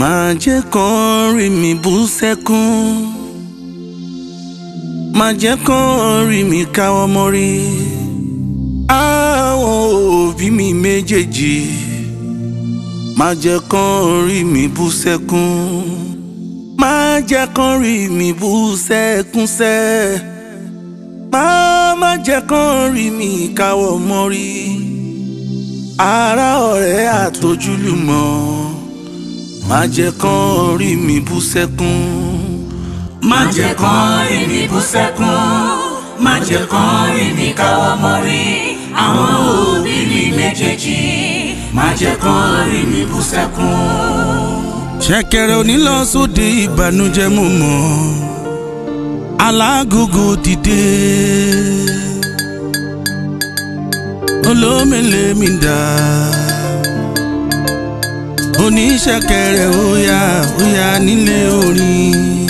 má jẹ́ kán rí mi bú sẹ́kún má jẹ́ kán rí mi káwọ́ mọ́rí àwọn òbí mi méjèèjì má jẹ́ kán rí mi bú sẹ́kún má jẹ́ kán rí mi bú sẹ́kún sẹ́ má má jẹ́ kán rí mi káwọ́ mọ́rí ara ọ̀rẹ́ àtojúlùmọ̀ má jẹ́ kán orí mi bú sẹ́kún. má jẹ́ kán orí mi bú sẹ́kún. má jẹ́ kán orí mi káwọ́ mọ́rí àwọn òbí mi méjèèjì má jẹ́ kán orí mi bú sẹ́kún. ṣẹ̀kẹ̀rẹ̀ onílọsóde ìbànújẹ́ mo mọ̀ alágógó dìde olómi lèmi dáa oníṣẹ̀kẹ̀rẹ̀ ó yá ó yá nílé orin.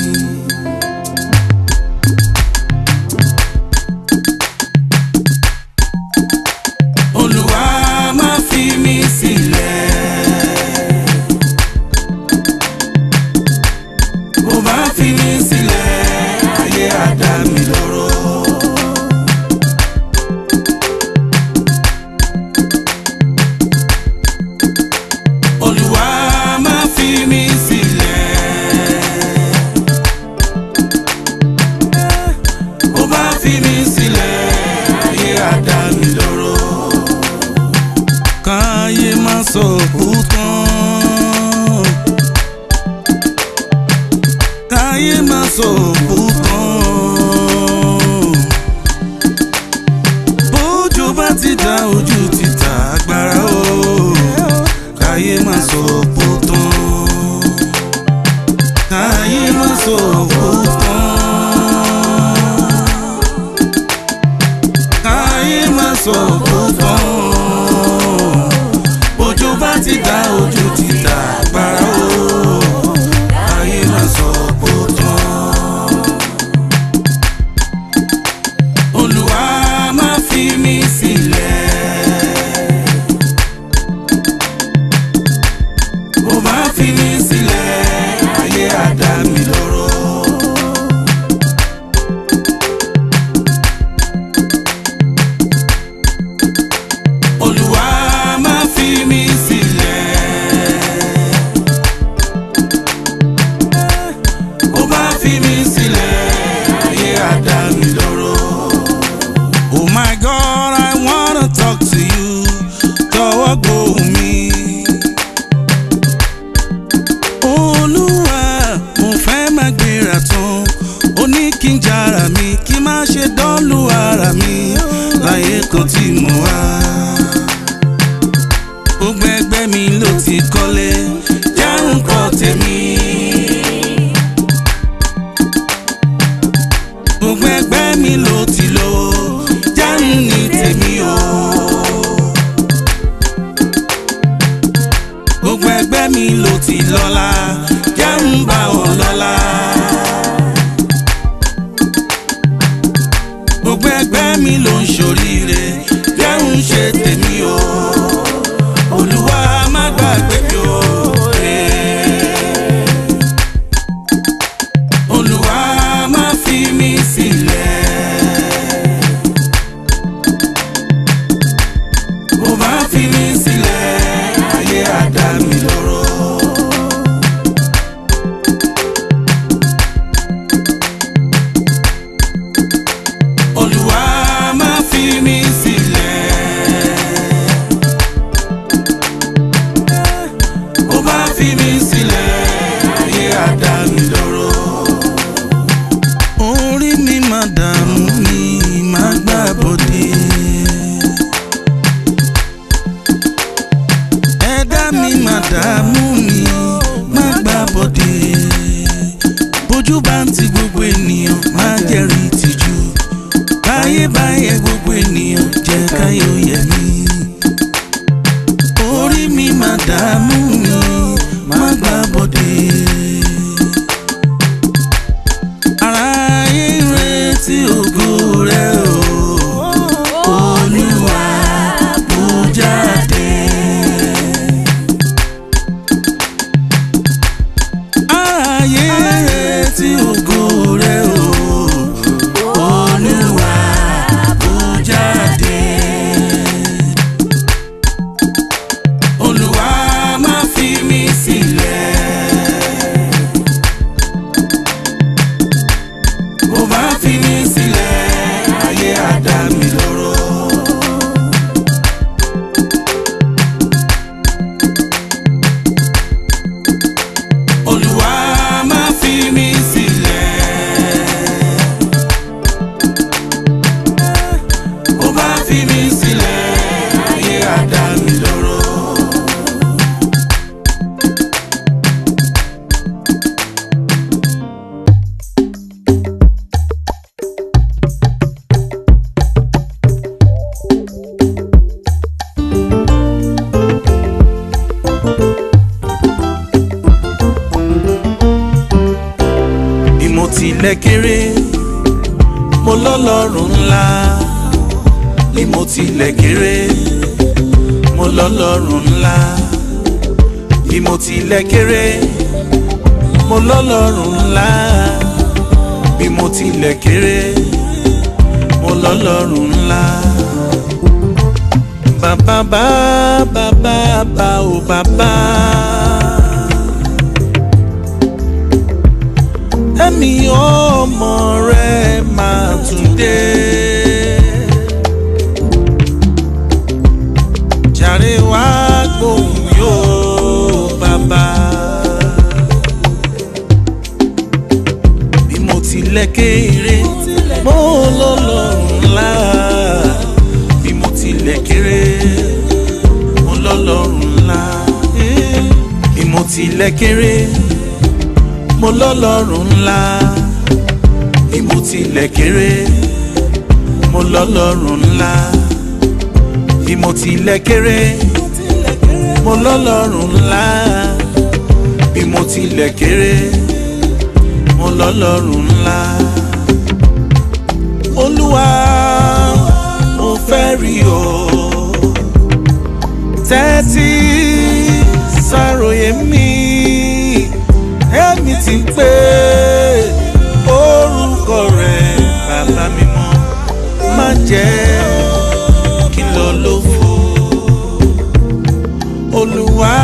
olúwa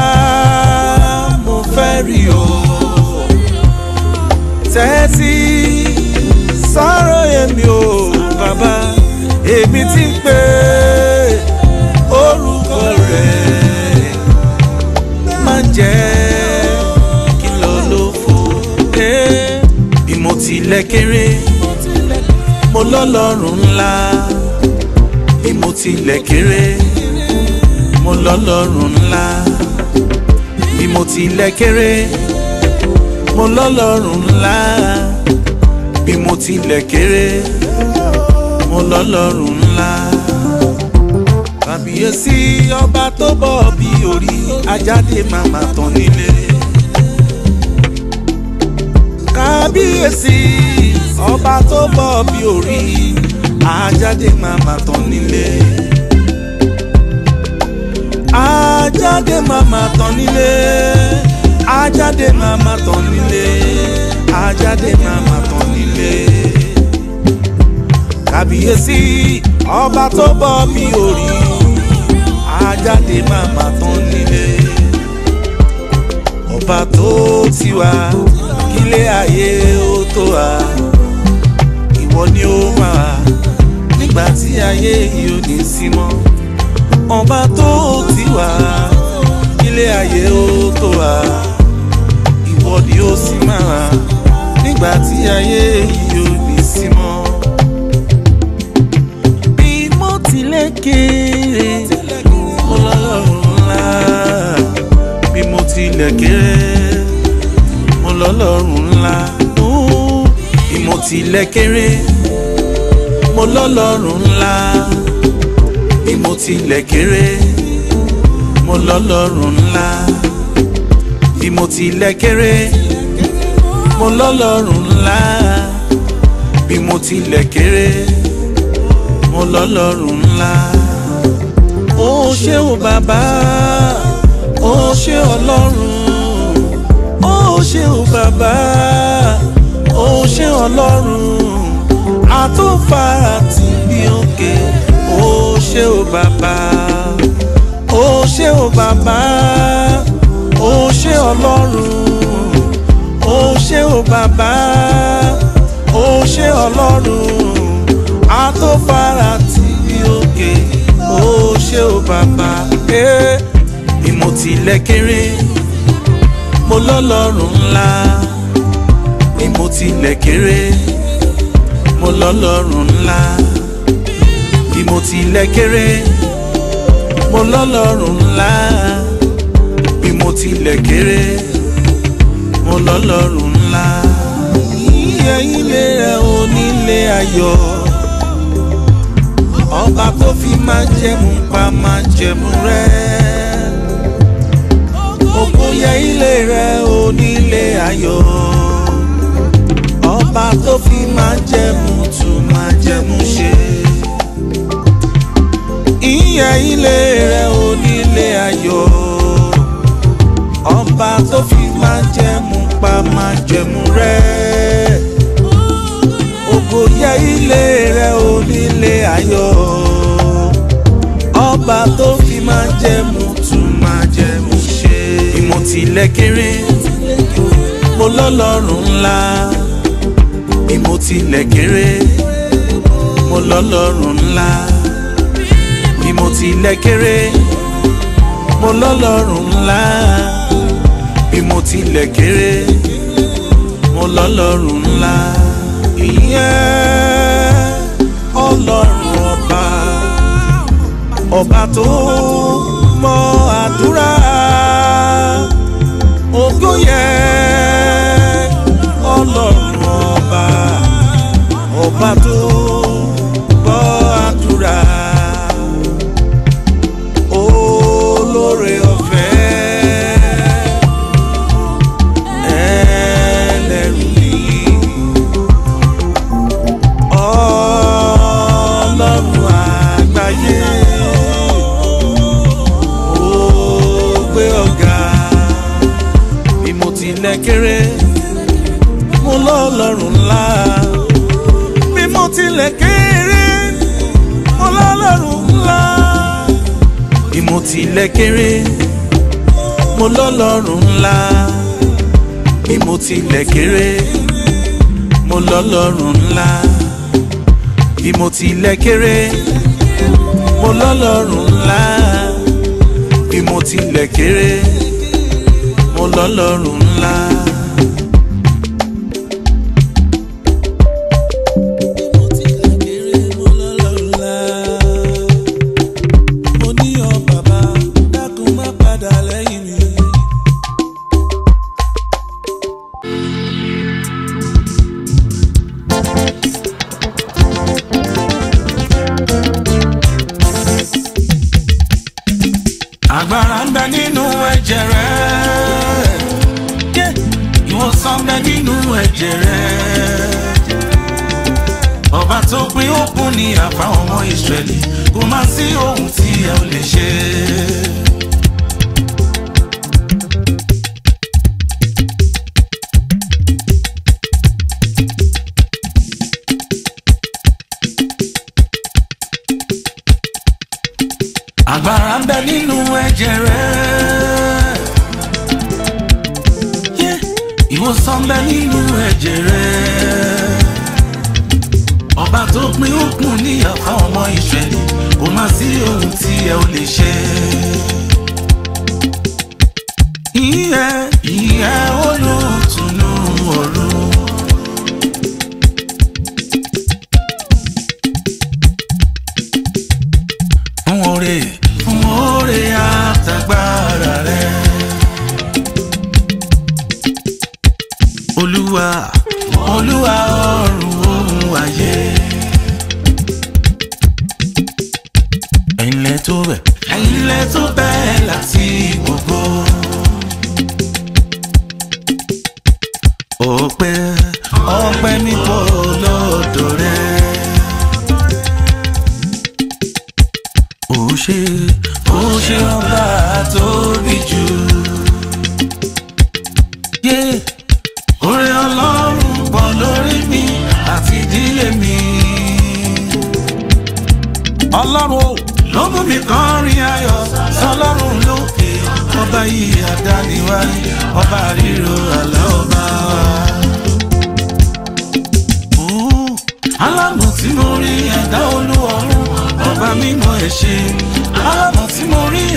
mo fẹ́ rí o tẹ́tí sọ̀rọ̀ èmi o bàbá èmi ti ń pè orúkọ rẹ̀ máa ń jẹ́ kí n lọ lófo bí mo tilẹ̀ kéré mo lọ́lọ́run ńlá bí mo tilẹ̀ kéré mo lọ́lọ́run ńlá bí mo tilẹ̀ kéré mo lọ́lọ́run ńlá bí mo tilẹ̀ kéré mo lọ́lọ́run ńlá. kàbíyèsí ọba tó bọ̀ bí orí ajáde màmá tán nílé. kàbíyèsí ọba tó bọ̀ bí orí ajáde màmá tán nílé ajáde màmá tán nílé ajáde màmá tán nílé ajáde màmá tán nílé. kàbíyèsí ọba tó bọ́ mi ò rí ajáde màmá tán nílé ọba tó ti wá kílé ayé ó tó wá ìwọ ni ó máa nígbà tí ayé yìí ò ní sí mọ́ ọba tó ti wà ilé ayé ó tó wà ìwọ ni ó sì máa wà nígbà tí ayé yìí ò ní sí mọ́. bí mo tilẹ̀ kéré mo lọ́lọ́run ńlá bí mo tilẹ̀ kéré mo lọ́lọ́run ńlá bí mo tilẹ̀ kéré mo lọ́lọ́run ńlá tilẹ̀ kéré mo lọ́lọ́run ńlá bí mo tilẹ̀ kéré mo lọ́lọ́run ńlá bí mo tilẹ̀ kéré mo lọ́lọ́run ńlá ó ṣé o bàbá ó ṣé ọlọ́run ó ṣé o bàbá ó ṣé ọlọ́run àtúfà àti bí òkè. Okay ṣé o Baba, o ṣé o Baba, o ṣé ọlọ́run o ṣé o bàbá o ṣé ọlọ́run a tó fara tì í òkè o ṣé o bàbá ìmọ̀tìlẹ́kẹrẹ mo lọ́lọ́run ńlá ìmọ̀tìlẹ́kẹrẹ mo lọ́lọ́run ńlá bí mo tilẹ̀ kéré mo lọ́lọ́run ńlá bí mo tilẹ̀ kéré mo lọ́lọ́run ńlá. iye ilé rẹ̀ onílé ayọ̀ ọba tó fi máa jẹ̀mú pa máa jẹ̀mú rẹ̀ òkúyẹ ilé rẹ̀ onílé ayọ̀ ọba tó fi máa jẹ̀mú tún máa jẹ̀mú ṣe yẹ ilé rẹ onílé ayọ̀ ọba tó fi máa jẹmu pa máa jẹmu rẹ ògo yẹ ilé rẹ onílé ayọ̀ ọba tó fi máa jẹmu tún máa jẹmu ṣe ìmọ̀tìlẹ́kẹrẹ mo lọ́lọ́run ńlá ìmọ̀tìlẹ́kẹrẹ mo lọ́lọ́run ńlá mo ti lẹ́kẹ́rẹ́ mo lọ́lọ́run ńlá bí mo ti lẹ́kẹ́rẹ́ mo lọ́lọ́run ńlá ìyẹn ọlọ́run ọba ọba tó mọ àdúrà ògo yẹn. mo tilẹ̀ kéré mo lọ́lọ́run ńlá bí mo tilẹ̀ kéré mo lọ́lọ́run ńlá bí mo tilẹ̀ kéré mo lọ́lọ́run ńlá bí mo tilẹ̀ kéré mo lọ́lọ́run ńlá.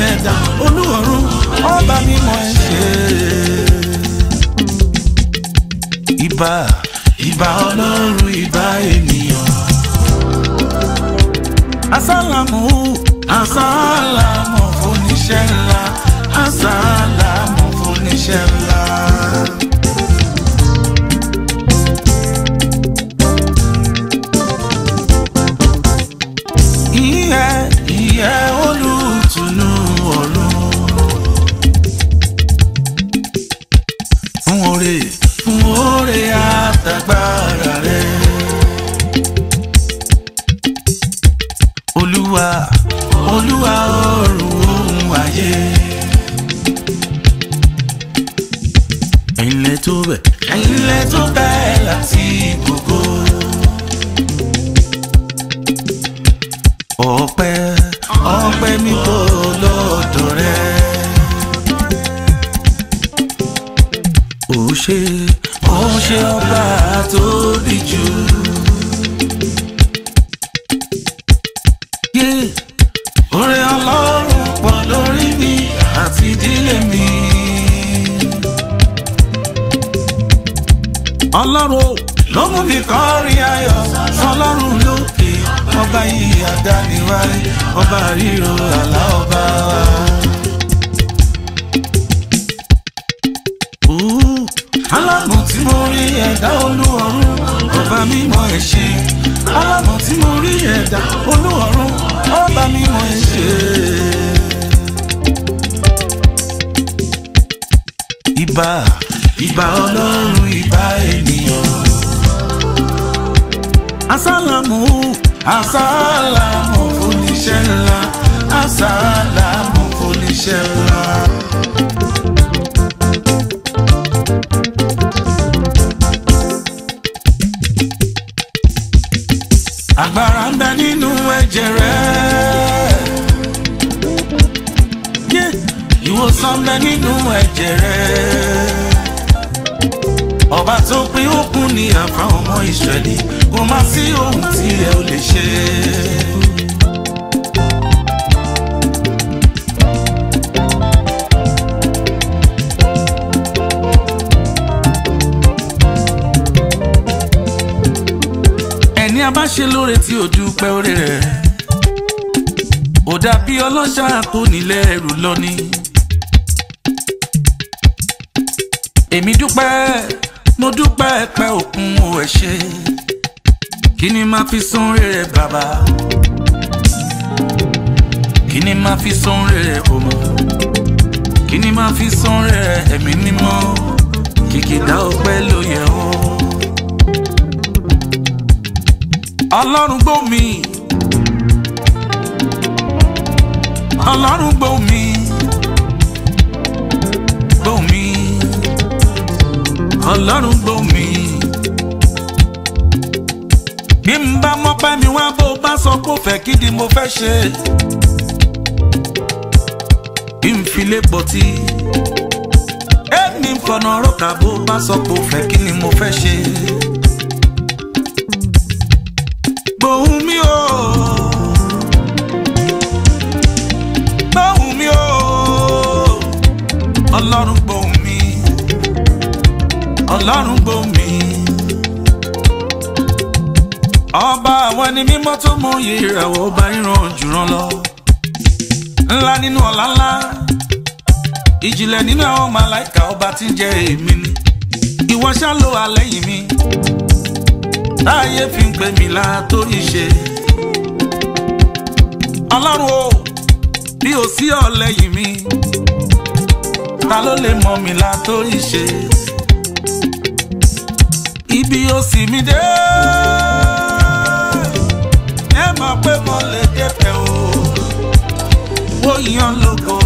ẹ̀dá olúwọ̀run ọba mímọ́ ẹ ṣe. ìbà ìbà ọlọ́run ìbà ènìyàn. asálàmù asálàmù oníṣẹ́ ńlá asálàmù oníṣẹ́ ńlá. bá ṣe lóore tí ò dúpẹ́ oore rẹ̀ ò dàbí ọlọ́jà tó nílẹ̀ ẹrù lọ ni. èmi dúpẹ́ mo dúpẹ́ pẹ́ òkun ò ẹ̀ kí ni máa fi san rere bàbá kí ni máa fi san rere ọmọ kí ni máa fi san rere ẹ̀mí mímọ́ kìkì dá ọpẹ́ ló yẹ ọlọ́run gbọ́ mi ọlọ́run gbọ́ mi gbọ́ mi ọlọ́run gbọ́ mi. bí n bá mọ́pẹ́ mi wá bó bá sọ pé ó fẹ́ kí ni mo fẹ́ ṣe bí n filé pọtí ẹni fọnà ọ̀rọ̀ kà bó bá sọ pé fẹ́ kí ni mo fẹ́ ṣe. ọlọ́run gbóhùn mi ọlọ́run gbóhùn mi. ọba àwọn ẹni mímọ́ tó mọ iye ìràwọ̀ ọba ìran jùrán lọ. ńlá nínú ọ̀la ńlá ìjìnlẹ̀ nínú àwọn màláìka ọba tí ń jẹ èmi ni. ìwọ ṣá ló wà lẹ́yìn mi táyé fi ń pè mí látorí ṣe. ọlọ́run o bí o sí ọ mi ta ló lè mọ̀ mi la tó ìṣe ibi ó sì mí dé ẹ mọ̀ pé mo lè débẹ̀ o ó yan lógo.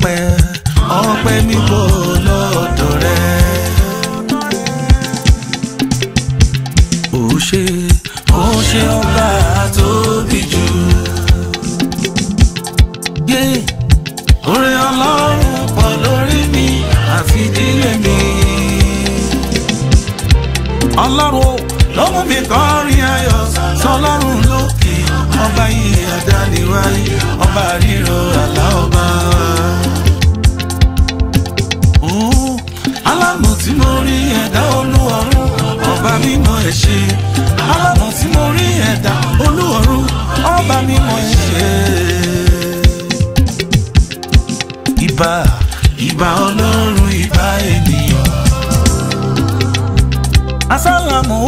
ọpẹ́ ọpẹ́ mi kò lọ́dọ̀ rẹ. ó ṣe ó ṣe ọba tóbi jù. oore ọlọ́run pọ̀ lórí mi àfi dílé mi. ọlọ́run ló mú mi kọrin ayọ̀ sọlọ́run lókè ọba yìí àdániwáyé ọba ríro àlá ọba. tí mo rí ẹ̀dá olúwarun ọba mímọ́ ẹ̀ ṣe alámọ̀ tí mo rí ẹ̀dá olúwarun ọba mímọ́ ẹ̀ ṣe. ìbà ìbà ọlọ́run ìbà ènìyàn. asálàmù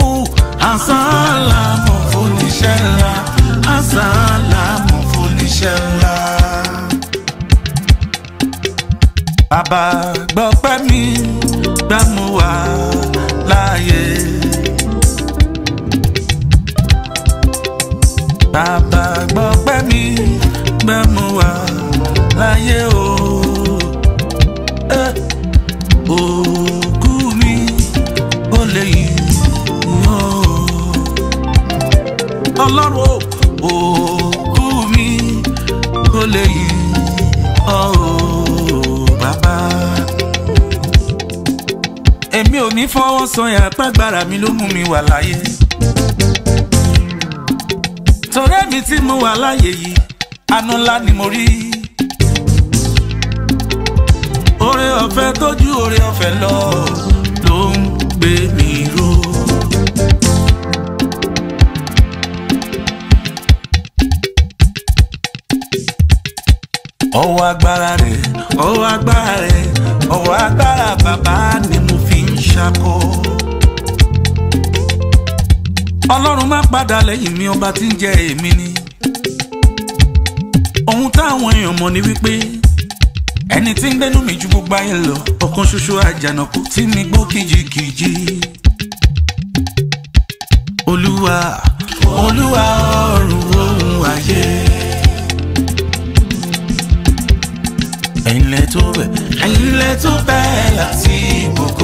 asálàmù fòníṣẹ́ ńlá asálàmù fòníṣẹ́ ńlá. bàbá gbọ́pẹ́ mi olúwa láàyè. bàbá gbọ́pẹ́ mi gbẹ̀mú wa láyé o. Eh, òkú mi ò lè yìn o. ọlọ́run òkú mi ò lè yìn o. ní fọwọ́ sọyà pàgbára mi ló mú mi wà láyé. torí mi tí mo wà láyé yìí àánú ńlá ni mo rí. oore ọ̀fẹ́ tójú oore ọ̀fẹ́ lọ ló ń gbé mi ró. ọwọ́ agbára rẹ̀ ọwọ́ agbára rẹ̀ ọwọ́ agbára bàbá ni ṣáko. ọlọ́run má padà lẹ́yìn mi ọba tí ń jẹ èmi ni. ohun táwọn èèyàn mọ̀ ni wípé ẹni tí ń gbénú mi ju gbogbo ayé lọ ọ̀kan ṣoṣo àjànàkú tí mi gbó kìjikìji. olúwa olúwa ọ̀run ohun ayé. ẹ̀yin lẹ tó ẹ̀yin lẹ tó láti gbogbo.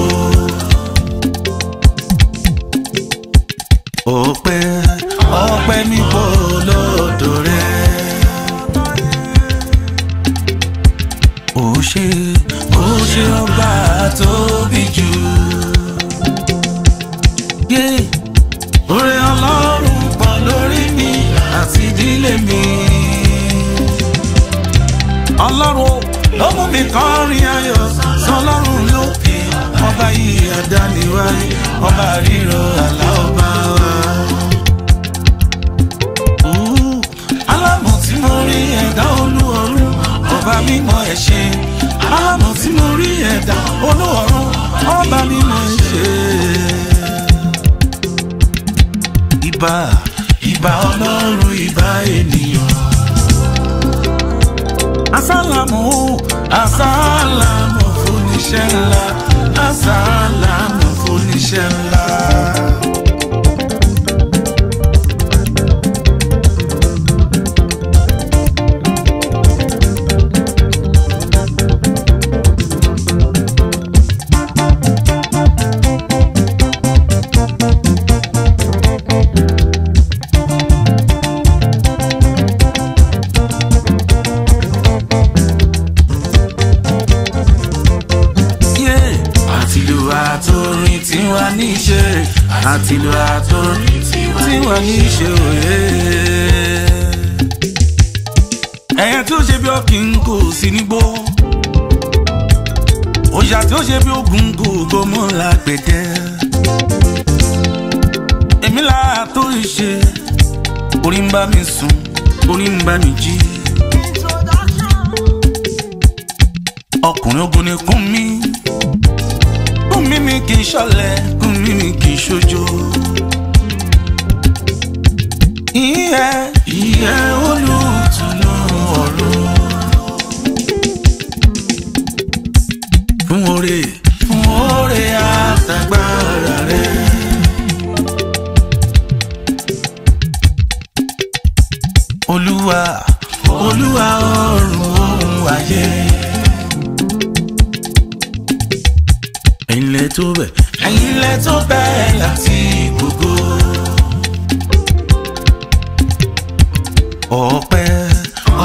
ọpẹ́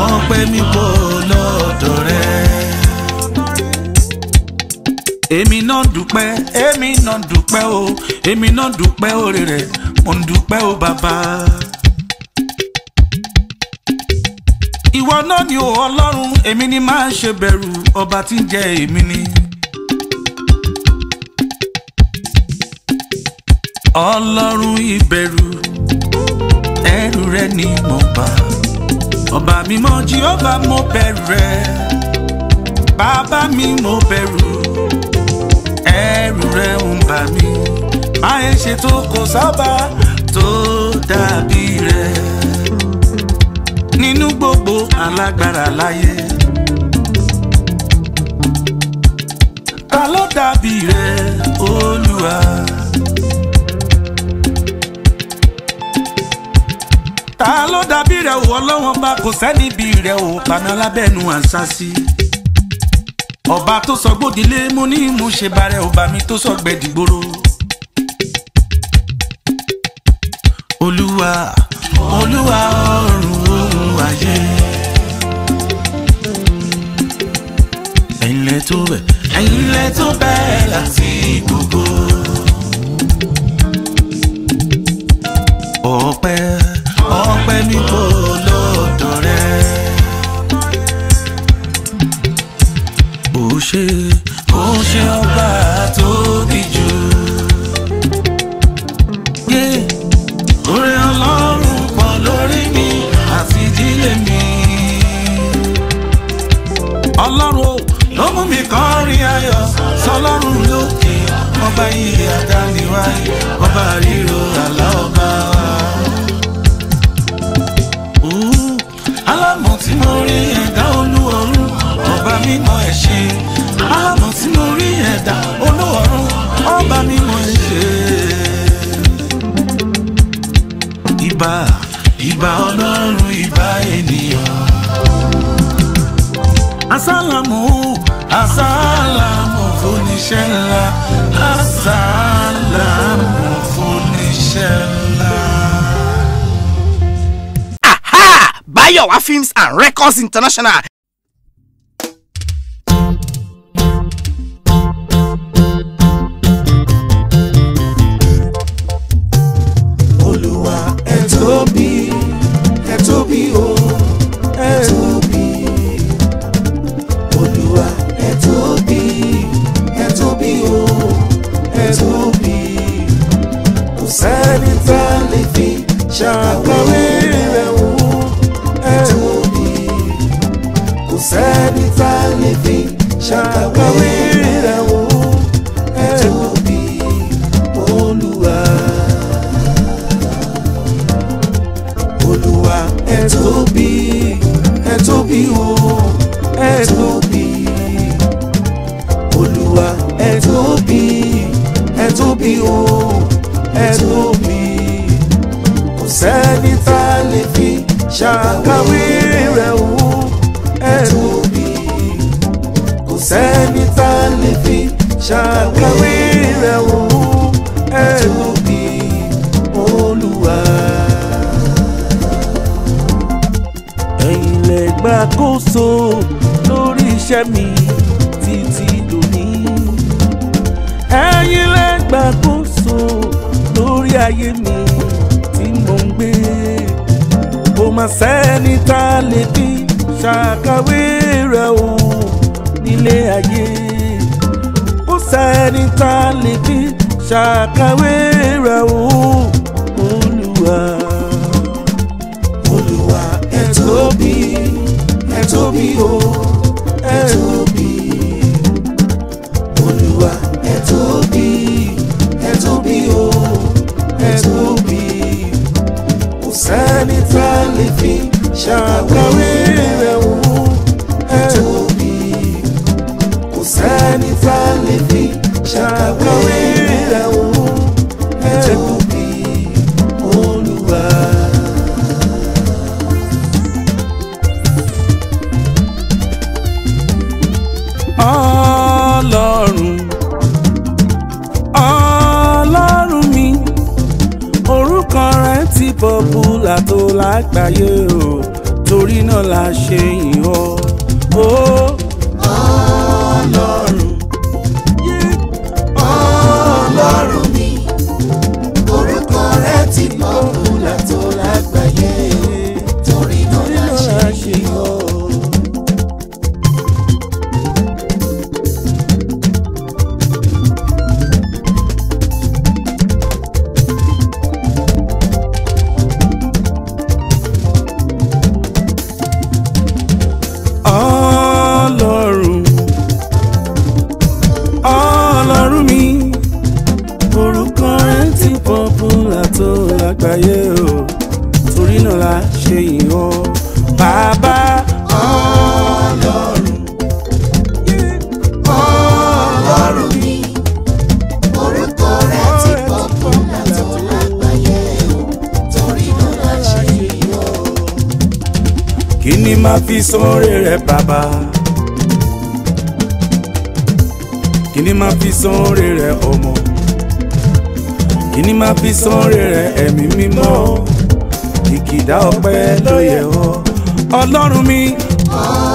ọpẹ́ mi pọ̀ lọ́dọ̀ rẹ. èmi náà dúpẹ́ èmi náà dúpẹ́ o èmi náà dúpẹ́ oore rẹ mo ń dúpẹ́ o bàbá. ìwọ náà ni o ọlọ́run èmi ni máa ṣe bẹ̀rù ọba tí ń jẹ èmi ni. ọlọ́run ìbẹ̀rù ẹ̀rù rẹ ni mo bá ọba mímọ́ Jèhófà mo bẹ̀rù rẹ bàbá mi mo bẹ̀rù ẹ̀rù rẹ ń bà mí máyé ṣe tó kò sábà tó dàbí rẹ nínú gbogbo alágbára láyé. Ta ló dàbí rẹ Olúwa. ta ló dàbí rẹ̀ wọ lọ́wọ́n bá kò sẹ́ni bí rẹ̀ ò paná lábẹ́nu àṣà sí ọba tó sọ gbòdìlé mo ní mo ṣe bàrẹ̀ ọba mi tó sọ gbẹ̀dìgbòrò. olúwa olúwa ọ̀run ohun ayé ẹ̀yin tó bẹ̀ ẹ̀yin tó bẹ̀ láti gbogbo ọpẹ́. ṣe. ó ṣe ọba tóbi jù. oore ọlọ́run pọ̀ lórí mi àti ìdílé mi. ọlọ́run ló mú mi kọrin ayọ̀ sọlọ́run lókè ọba iye àdániwáyé ọba ríro àlá ọba. ṣe àmọ́ tí mo rí ẹ̀dá olóòórùn ọba mi mo ń ṣe. ìbà ìbà ọlọ́run ìbà ènìyàn. asálàmù asálàmù fúniṣẹ́ ńlá asálàmù fúniṣẹ́ ńlá. Bayowa Films and Records International lè fi ṣàkàwé rẹ̀ wò ẹ̀wò kò sẹ́ni tá a lè fi rẹ̀ wò ẹ̀wò bí olúwa olúwa ẹ o ẹ tóbi olúwa ẹ o ẹ sẹ́ni tá a lè fi ṣàkàwérè rẹ̀ wò ẹ̀rù kò sẹ́ni tá a lè fi ṣàkàwérè rẹ̀ wò ẹ̀rù bí olúwa. lórí iṣẹ́ mi títí dòní. ẹ̀yin lè gbàkóso lórí ayé mi mà sẹ́ni tá a lè bí ṣàkàwé rẹ̀ o nílé ayé kò sẹ́ni tá a lè bí ṣàkàwé rẹ̀ o olúwa. olúwa ẹ tóbi ẹ tóbi o ẹ tóbi. fi ṣàkàwé rẹ̀ wò ẹ̀ tóbi kò sẹ́ni tá a lè fi ṣàkàwé. fi sóore rẹ̀ ẹ̀mí mímọ́ ìkìdá ọpẹ́ ló yẹ ọ́ ọlọ́run mi. Oh.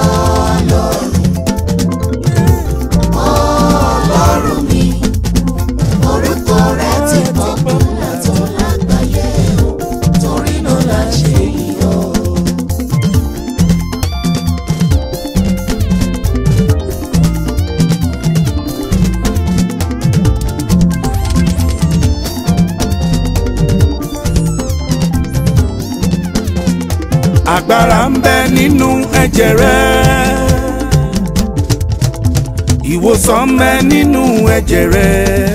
ìwòsàn mẹ́ nínú ẹ̀jẹ̀ rẹ̀.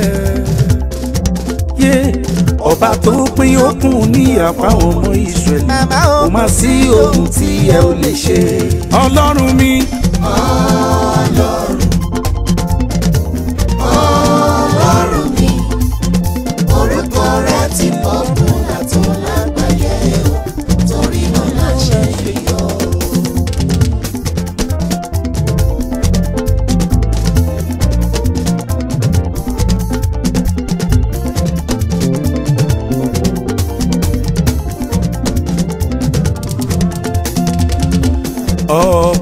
Yeah ọba tó pín okùn níyà fáwọn ọmọ Ísírẹ́lì kò má sí ohun tí ẹ ò lè ṣe. ọlọ́run mi. ọlọ́run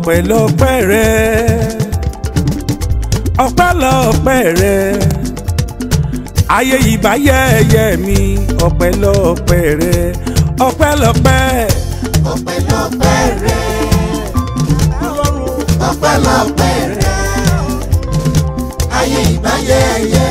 ọpẹ́ lọ́pẹ́ rẹ ọpẹ́ lọ́pẹ́ rẹ ayé ìbáyẹyẹ mi ọpẹ́ lọ́pẹ́ rẹ ọpẹ́ lọ́pẹ́ ọpẹ́ lọ́pẹ́ rẹ ọpẹ́ lọ́pẹ́ rẹ ayé ìbáyẹyẹ.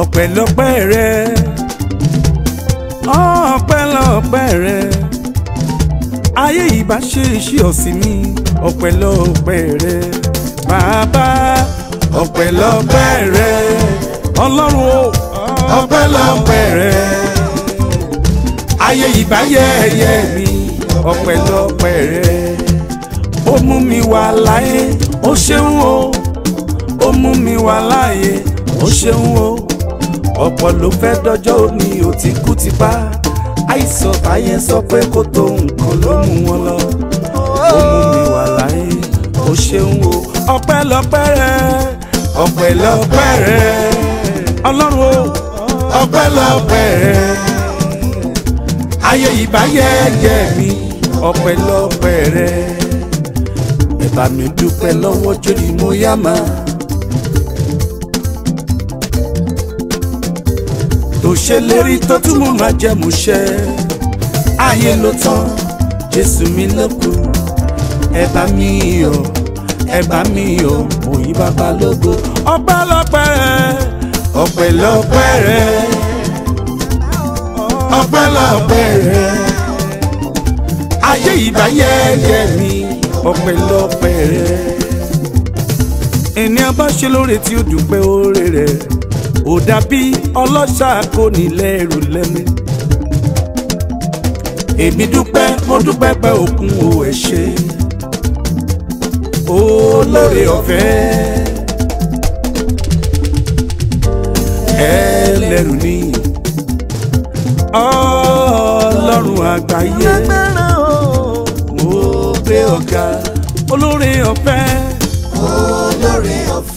ọpẹ́lọpẹ́ rẹ ọpẹ́lọpẹ́ rẹ ayé ìbá ṣe iṣẹ́ ọ̀sìn mi ọpẹ́lọpẹ́ rẹ bàbá ọpẹ́lọpẹ́ rẹ ọlọ́run o ọpẹ́lọpẹ́ rẹ ayé ìbá yẹ̀yẹ́ mi ọpẹ́lọpẹ́ rẹ ó mú mi wà láyé ó ṣeun o ó mú mi wà láyé ó ṣeun o ọ̀pọ̀ ló fẹ́ dọjọ́ òní ò ti kú tipá àìsàn táyé sọ pé kó tó nǹkan ló mú wọn lọ ó mú mi wà láyé ó ṣeun o ọpẹ́lọpẹ́ rẹ ọpẹ́lọpẹ́ rẹ ọlọ́run o ọpẹ́lọpẹ́ rẹ ayé ìbáyẹyẹ mi ọpẹ́lọpẹ́ rẹ ẹ bá mi dúpẹ́ lọ́wọ́ jórí mo yá máa. tó ṣe lérí tó tún mú máa jẹ́ mú ṣẹ ayé ló tán jésù mi ló kù ẹ bá mi yọ̀ ẹ bá mi yọ̀ òyìn bàbá lógo ọpẹ́ lọ́pẹ́ rẹ ọpẹ́ lọ́pẹ́ rẹ ọpẹ́ lọ́pẹ́ rẹ ayé ìbáyẹyẹ mi ọpẹ́ lọ́pẹ́ rẹ ènìyàn bá ṣe lóore tí ó dùn pé ó rẹ rẹ ò dàbí ọlọ́ṣà kò ní lẹ́rù lẹ́nu. èmi dúpẹ́ mo dúpẹ́ pẹ́ òkun ò ẹ̀ ṣe olóore ọ̀fẹ́ ẹlẹ́rù ni ọlọ́run àgbáyé mo gbé ọ̀gá olóore ọ̀fẹ́ olóore ọ̀fẹ́.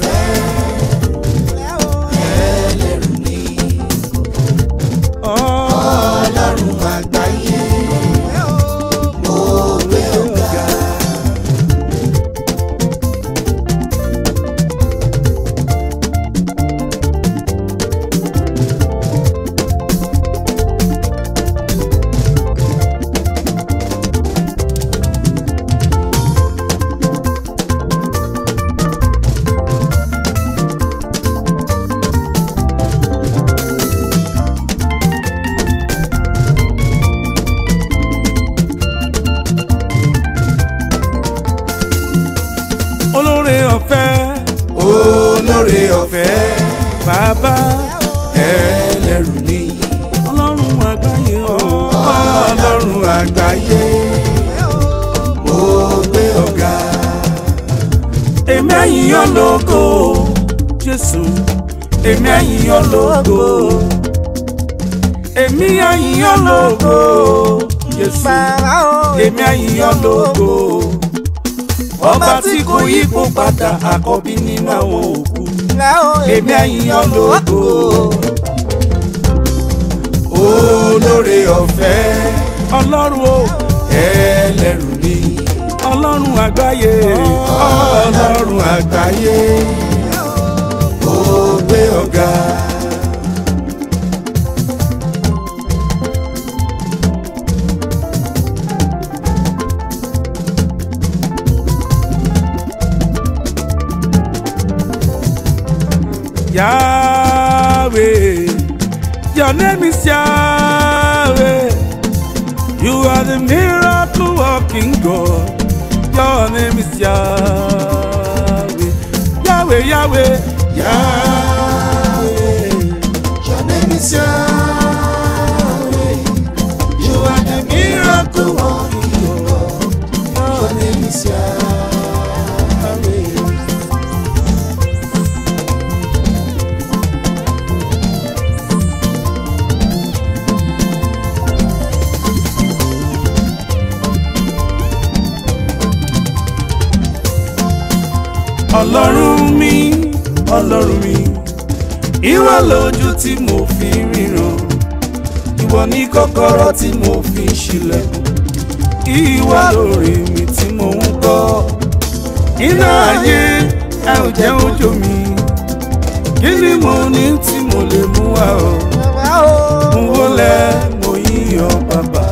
o múlẹ̀ mo yìn ọ́ bàbá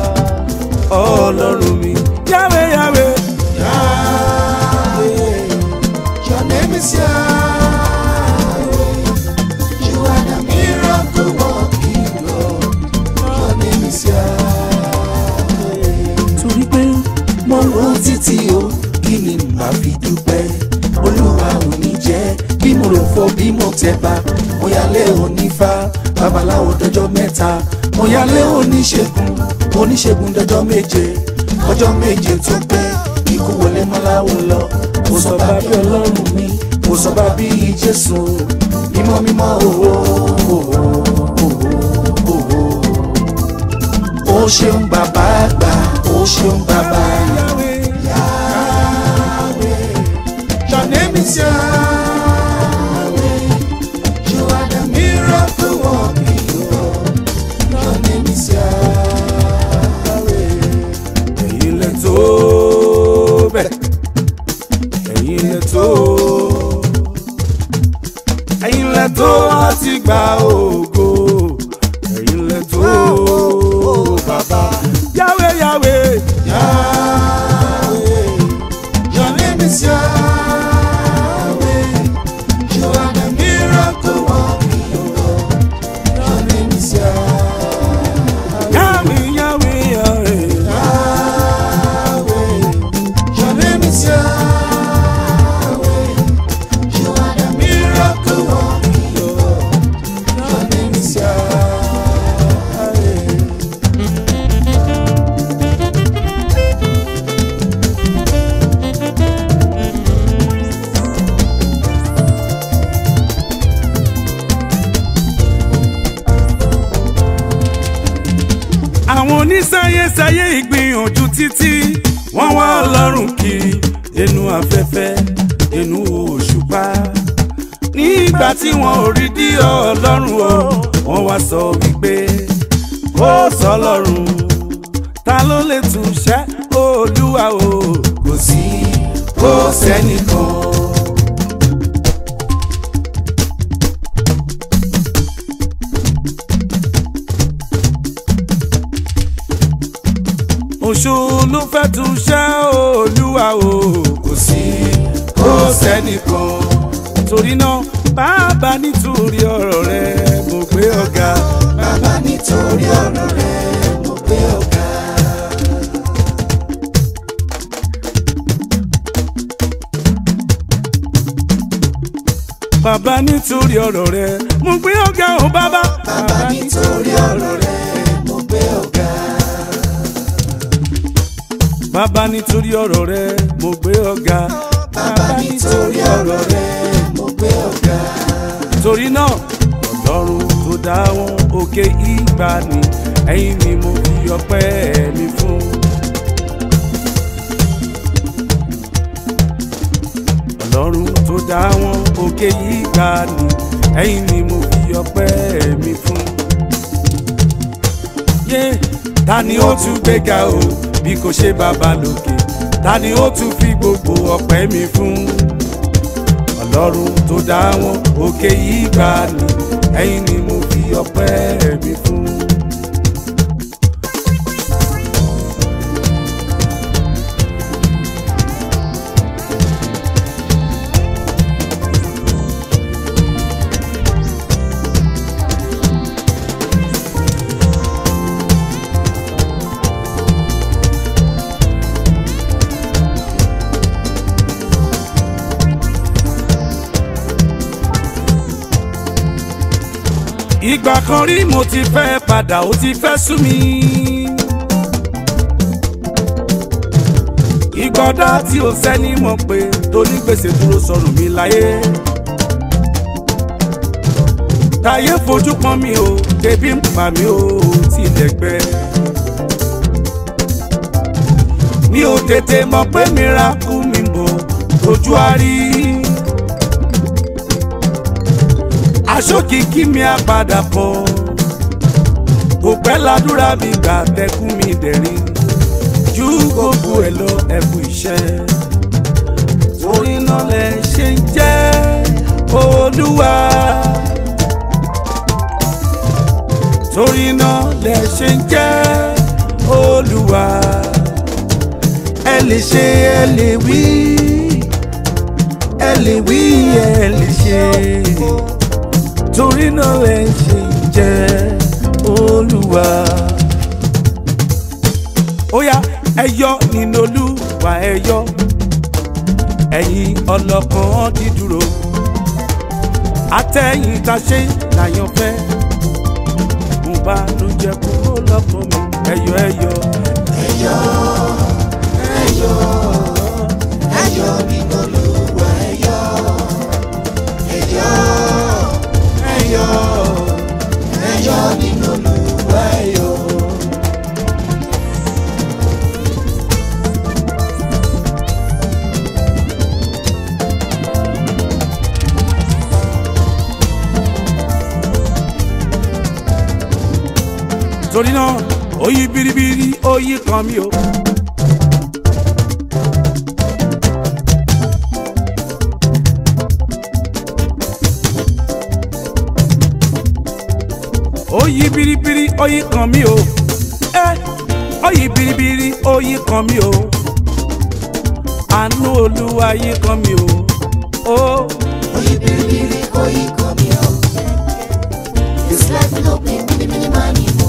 ọlọ́run mi yàwé Yahweh, your name is Yahweh. You are the miracle working Your name is Yahweh. Torí pé mo rò títí o, kí ni màá fi dúpẹ́? Olúwa ò ní jẹ́ bí mo rò fọ́ bí mo tẹ̀ bá, mo yálé onífá babaláwo dọjọ́ mẹ́ta mo yálé oníṣègùn oníṣègùn dọjọ́ méje ọjọ́ méje tó pé ikú wọlé mọ́láwo lọ mo sọ bá bí ọlọ́run mi mo sọ bá bí jésù mímọ́ mímọ́ òwò òwò òwò ó ṣeun bàbá àgbà ó ṣeun bàbá Yahweh Yahweh your name is Yahweh. gbà o. òṣùnú fẹ́ tún ṣẹ́ olúwa o kò sí kó sẹ́nìkan torí náà bàbá nítorí ọ̀rọ̀ rẹ mo gbé ọ̀gá. bàbá nítorí ọ̀rọ̀ rẹ mo gbé ọ̀gá. bàbá nítorí ọ̀rọ̀ rẹ mo gbé ọ̀gá o bàbá. bàbá nítorí ọ̀rọ̀ rẹ mo gbé ọ̀gá bàbá nítorí ọ̀rọ̀ rẹ mo gbé ọ̀gá. bàbá nítorí ọ̀rọ̀ rẹ mo gbé ọ̀gá. torí náà ọ̀dọ́run tó dá wọn òkè ìgbàanì ẹ̀yin ni mo fi ọpẹ́ mi fún. ọlọ́run tó dá wọn òkè ìgbàanì ẹ̀yin ni mo fi ọpẹ́ mi fún. yé ta ni ó tún gbéga o bí kò ṣe bàbá lókè ta ni ó tún fi gbogbo ọpẹ́ mi fún ọlọ́run tó dá wọn òkè yìí gbà ní ẹ̀yin ni mo fi ọpẹ́ mi fún. ìgbà kan rí mo ti fẹ́ padà ó ti fẹ́ sú mi. ìgbọ́dá tí ò sẹ́ni mọ̀ pé torí gbèsè dúró sọnù mi láyé. táyé fojú pọ́n mi o débí ń pa mi o ti gbẹ. mi ò tètè mọ̀ pé mi ra kú mi bọ̀ ojú á sókìkí mi á padà bọ̀ kò pẹ́ ládùúrà mi gbà tẹkún mi dẹ̀rín ju gbogbo ẹ̀ lọ ẹ̀bù iṣẹ́ torí náà lẹ ṣe ń jẹ́ olúwa torí náà lẹ ṣe ń jẹ́ olúwa ẹ lè ṣe ẹ lè wí ẹ lè wí ẹ lè ṣe torí náà ẹ ṣe jẹ́ olúwa. ó yá ẹyọ nínú olúwa ẹyọ ẹ̀yin ọlọ́kàn dídúró àtẹ̀yìn tá a ṣe làyànfẹ́ mo bá ló jẹ kúrò lọ́kàn mi ẹyọ ẹyọ. ẹyọ ẹyọ ẹyọ nínú olúwa ẹyọ ẹyọ ayọ̀ nínú Olúwa yọ. torí náà ó yí biribiri ó yí kan mi o. yí biribiri ó yí kàn mí o ẹ ó yí biribiri ó yí kàn mí o àánú olúwa yí kàn mí o ó. ó biribiri ó yí kàn o this life no be mini mini money mo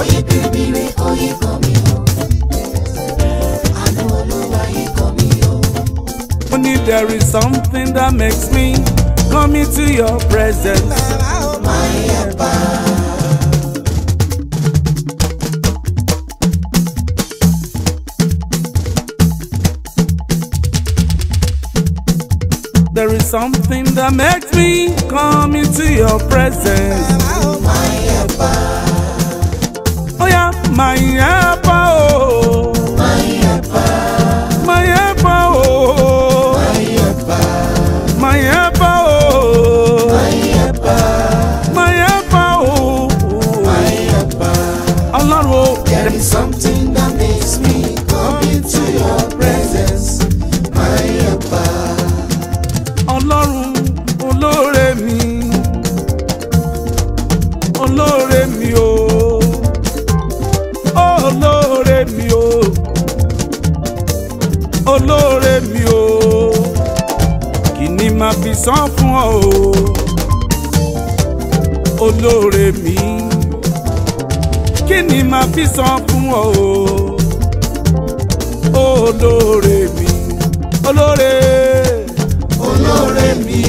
ó yí biribiri ó yí kàn mí o àánú olúwa yí kàn mí o. Only there is something that makes me come into your presence. There is something that makes me come into your presence. Ayaba. san fún ọ o olóore mi kí ni màá fi san fún ọ o olóore mi olóore olóore mi.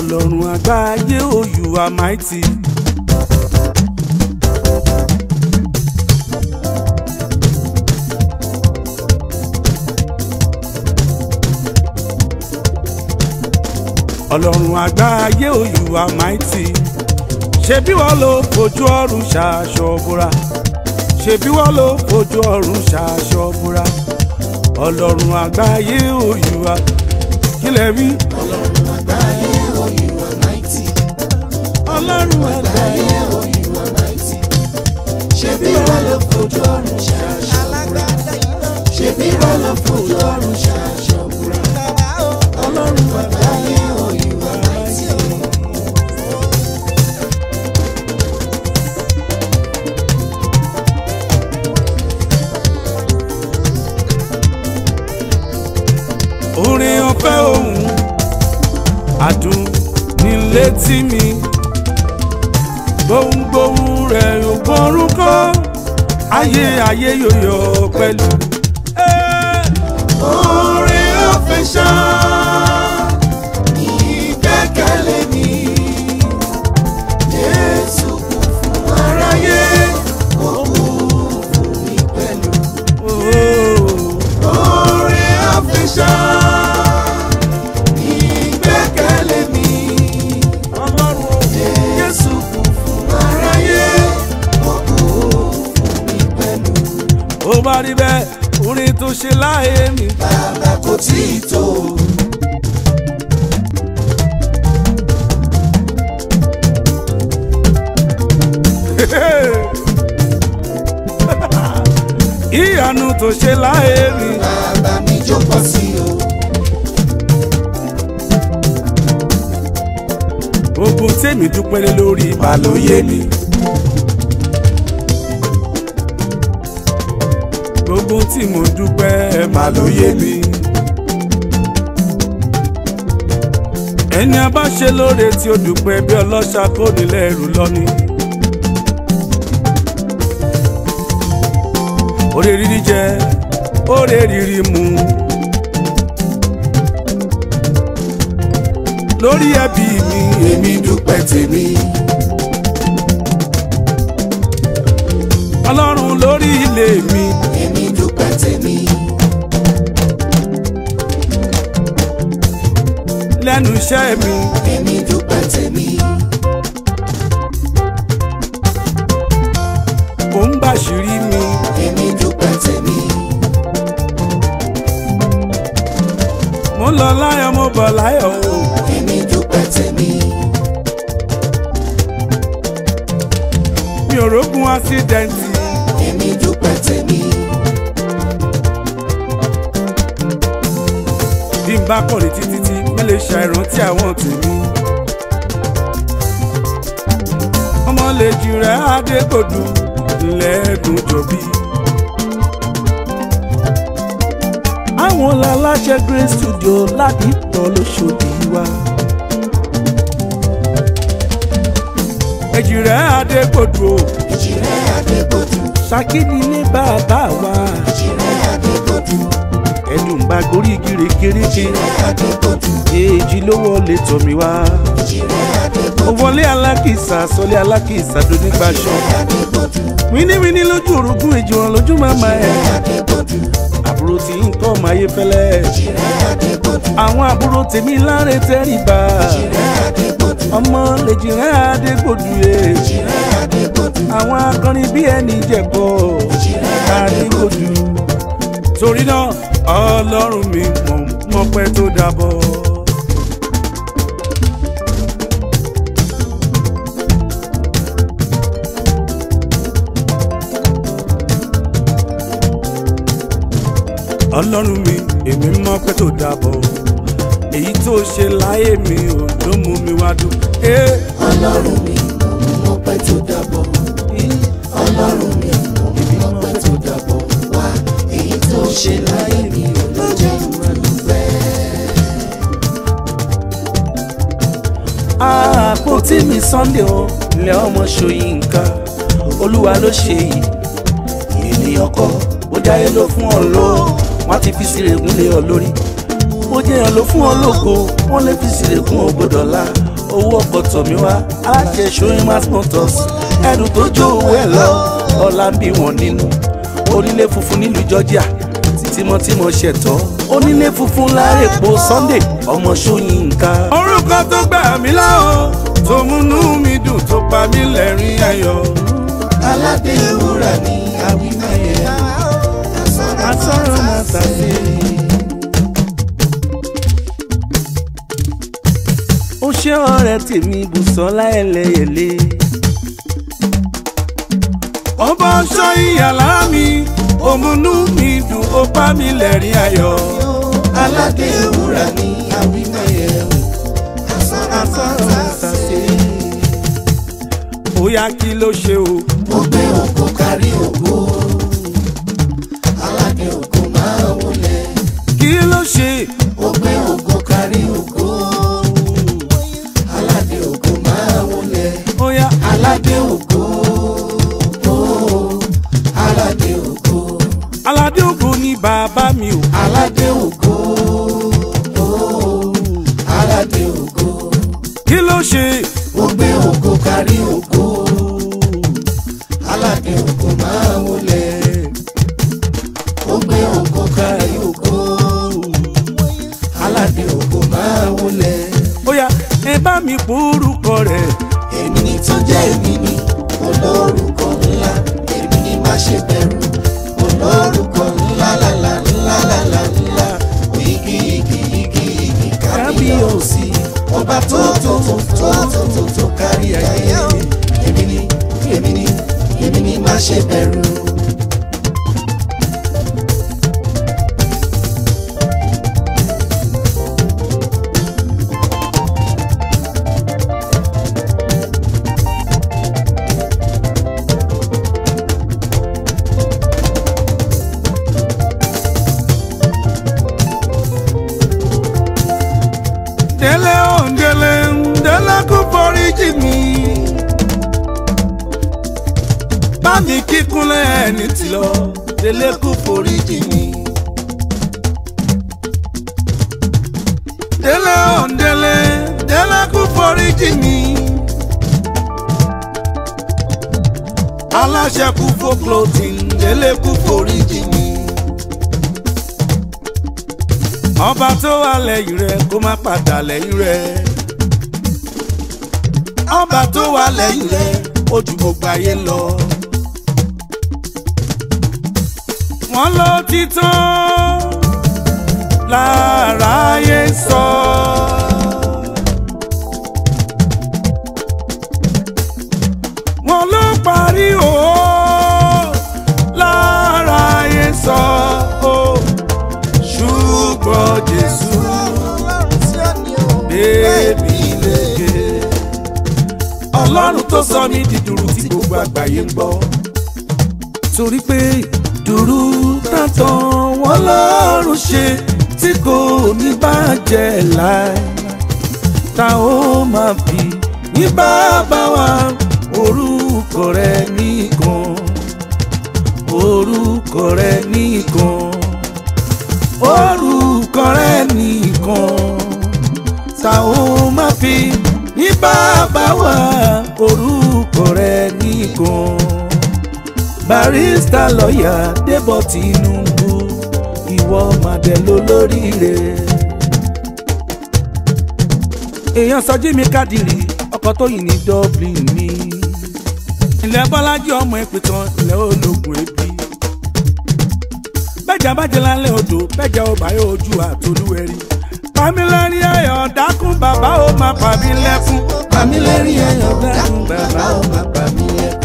ọlọ́run àgbáyé o oh, you are mighty. ọlọ́run àgbáyé o oh, you are mighty. ṣebí wọ́n ló fojú ọ̀run ṣaṣọ búra ṣebí wọ́n ló fojú ọ̀run ṣaṣọ búra ọlọ́run àgbáyé o oh, you are kílẹ̀ mi. ọ̀run àgbáyé òyìn wọn máa ti ṣe bí wọn lọ fojú ọ̀run ṣàṣọ ṣe bí wọn lọ fojú ọ̀run ṣàṣọ ọlọ́run àgbáyé òyìn wọn máa ti. orin ọpẹ́ ohùn adùn ní létí mi gbohùngbohùn rẹ̀ yóò gbọ́rún kọ́ ayé ayé yòyọ pẹ̀lú. oore ọ̀fẹ́ ṣá ìgbẹ́kẹ̀lé mi Jésù kù fún aráyé ó kù fún mi pẹ̀lú. Oh. oore ọ̀fẹ́ ṣá. ṣe láàyè mi. bàbá kò tí ì tó. ìyanu tó ṣe láàyè mi. bàbá mi jókòó sí o. ogun tèmi dúpẹ́ lórí balóyè mi. ogun tí mo dúpẹ́ ẹ mà ló yé mi. ẹni a bá ṣe lóore tí ó dúpẹ́ bí ọlọ́ṣà kò nílẹ̀ ẹrù lọ́ni. oore rírí jẹ oore rírí mu. lórí ẹbí mi èmi dúpẹ́ tèmi. ọlọ́run lórí ilé mi. èmi tèmi. lẹ́nu iṣẹ́ mi. èmi dúpẹ́ tèmi. kò ń bàṣírí mi. èmi dúpẹ́ tèmi. mo lọ láyọ̀ mo bọ̀ láyọ̀ o. èmi dúpẹ́ tèmi. mi ò rógun accident. èmi dúpẹ́ tèmi. bá kọ̀rin títí tí wọ́n lè ṣàìrántí àwọn tèmi. ọmọ lè jìrẹ́ adégbòdù lẹ́ẹ̀dùn jọ̀bí. àwọn làláṣẹ green studio ládìpọ̀ lóṣòdì wa. èjìrẹ́ adégbòdù o. èjìrẹ́ adégbòdù. ṣàkíní ní bàbá wa. èjìrẹ́ adégbòdù ẹ̀dùn bá gorí igi rè kéréje. èjì ló wọlé tọ̀ mí wá. ó wọlé alákìsà sọlé alákìsà tó nípa aṣọ. wíníwíní lójú orogún èjì wọn lójú màmá ẹ̀. àbúrò tí ń kọ́ ọmọ ayé fẹ́lẹ́. àwọn àbúrò tèmi láre tẹ́rìbà. ọmọ lè jìrẹ́ adégbòdù yé. àwọn akọrin bí ẹni jẹ̀bọ̀ adégbòdù. torí náà ọlọ́run mi mọ̀ mọ́pẹ́ tó dábọ̀. ọlọ́run mi èmi mọ́pẹ́ tó dábọ̀ èyí tó ṣe láyé mi ò ló mú mi wá dùn. ọlọ́run mi mọ́pẹ́ tó dábọ̀ ọlọ́run mi mọ́pẹ́ tó dábọ̀ wá èyí tó ṣe láyé mi. àpò tí mi Sunday o lẹ ọmọ Ṣóyínká olúwa ló ṣe yìí ènìyàn kọ ó jáyé ló fún ọ lọ wọn ti fi sírègùn lé ọ lórí ó jẹyàn ló fún ọ lógo wọn lè fi sírègùn ògbódọlá owó ọkọ̀ tọ̀mí wá aláṣẹ Ṣóyínká mass motors ẹnu tó jó owó ẹ lọ ọlá ń bí wọn nínú onílé funfun nílùú Georgia tímọ́tímọ́ ṣẹ̀tọ́ onílé funfun láàrèpo Sunday ọmọ Ṣóyínká. orúkọ tó gbà mí láwọn tó múnú mi dùn tó pa mí lẹ́rìn ayọ̀. aládé wúrà ni àwímáyé asọ́rọ̀ máa tàṣe. ó ṣe ọ̀rẹ́ tèmi Bùsọ́lá ẹlẹ́yẹlé. ọba ọṣọ ìyàlá mi òmùnú mi dùn ó pa mí lẹ́rìn ayọ̀. aládé wúrà ni. bóyá kí ló ṣe o. mo gbé òkú kárí òkú. ní ti lọ délé kú foríjì ni. délé òǹdélé délé kú foríjì ni. aláṣẹ kú fó clothing délé kú foríjì ni. ọba tó wà lẹ́yìn rẹ̀ kó má padà lẹ́yìn rẹ̀. ọba tó wà lẹ́yìn rẹ̀ ó gbogbo ayé lọ. wọ́n ló ti tán láráyé sọ. wọ́n ló parí o láráyé sọ o ṣùgbọ́n Jésù bèbí lékè ọlọ́run tó sọ mí di dùùrù tí gbogbo àgbáyé ń gbọ́ torí pé dúró tàtàn wọn lọ́rùn ṣe tí kò ní bàjẹ́ láì ta ó máa fi ní bàbá wa orúkọ rẹ nìkan orúkọ rẹ nìkan orúkọ rẹ nìkan ta ó máa fi ní bàbá wa orúkọ rẹ nìkan barista lọ́ọ̀yà Débọ̀ Tinubu ìwọ màdẹ lólóríire. èèyàn sọ jí mi kádìrì ọkọ Tóyìn ní Dublin ni. ilẹ̀ Bọ́lájí ọmọ Ẹ̀pìtàn ilẹ̀ ológun ebi. bẹ́jà bàjẹ́ lálẹ́ odò bẹ́jà ọba yóò ju àtolúwẹ̀rí. pamílẹ́rì ẹ̀yọ̀ dákun bàbá ó máa pàmí lẹ́kún. pamílẹ́rì ẹ̀yọ̀ dákun bàbá ó máa pàmí lẹ́kún.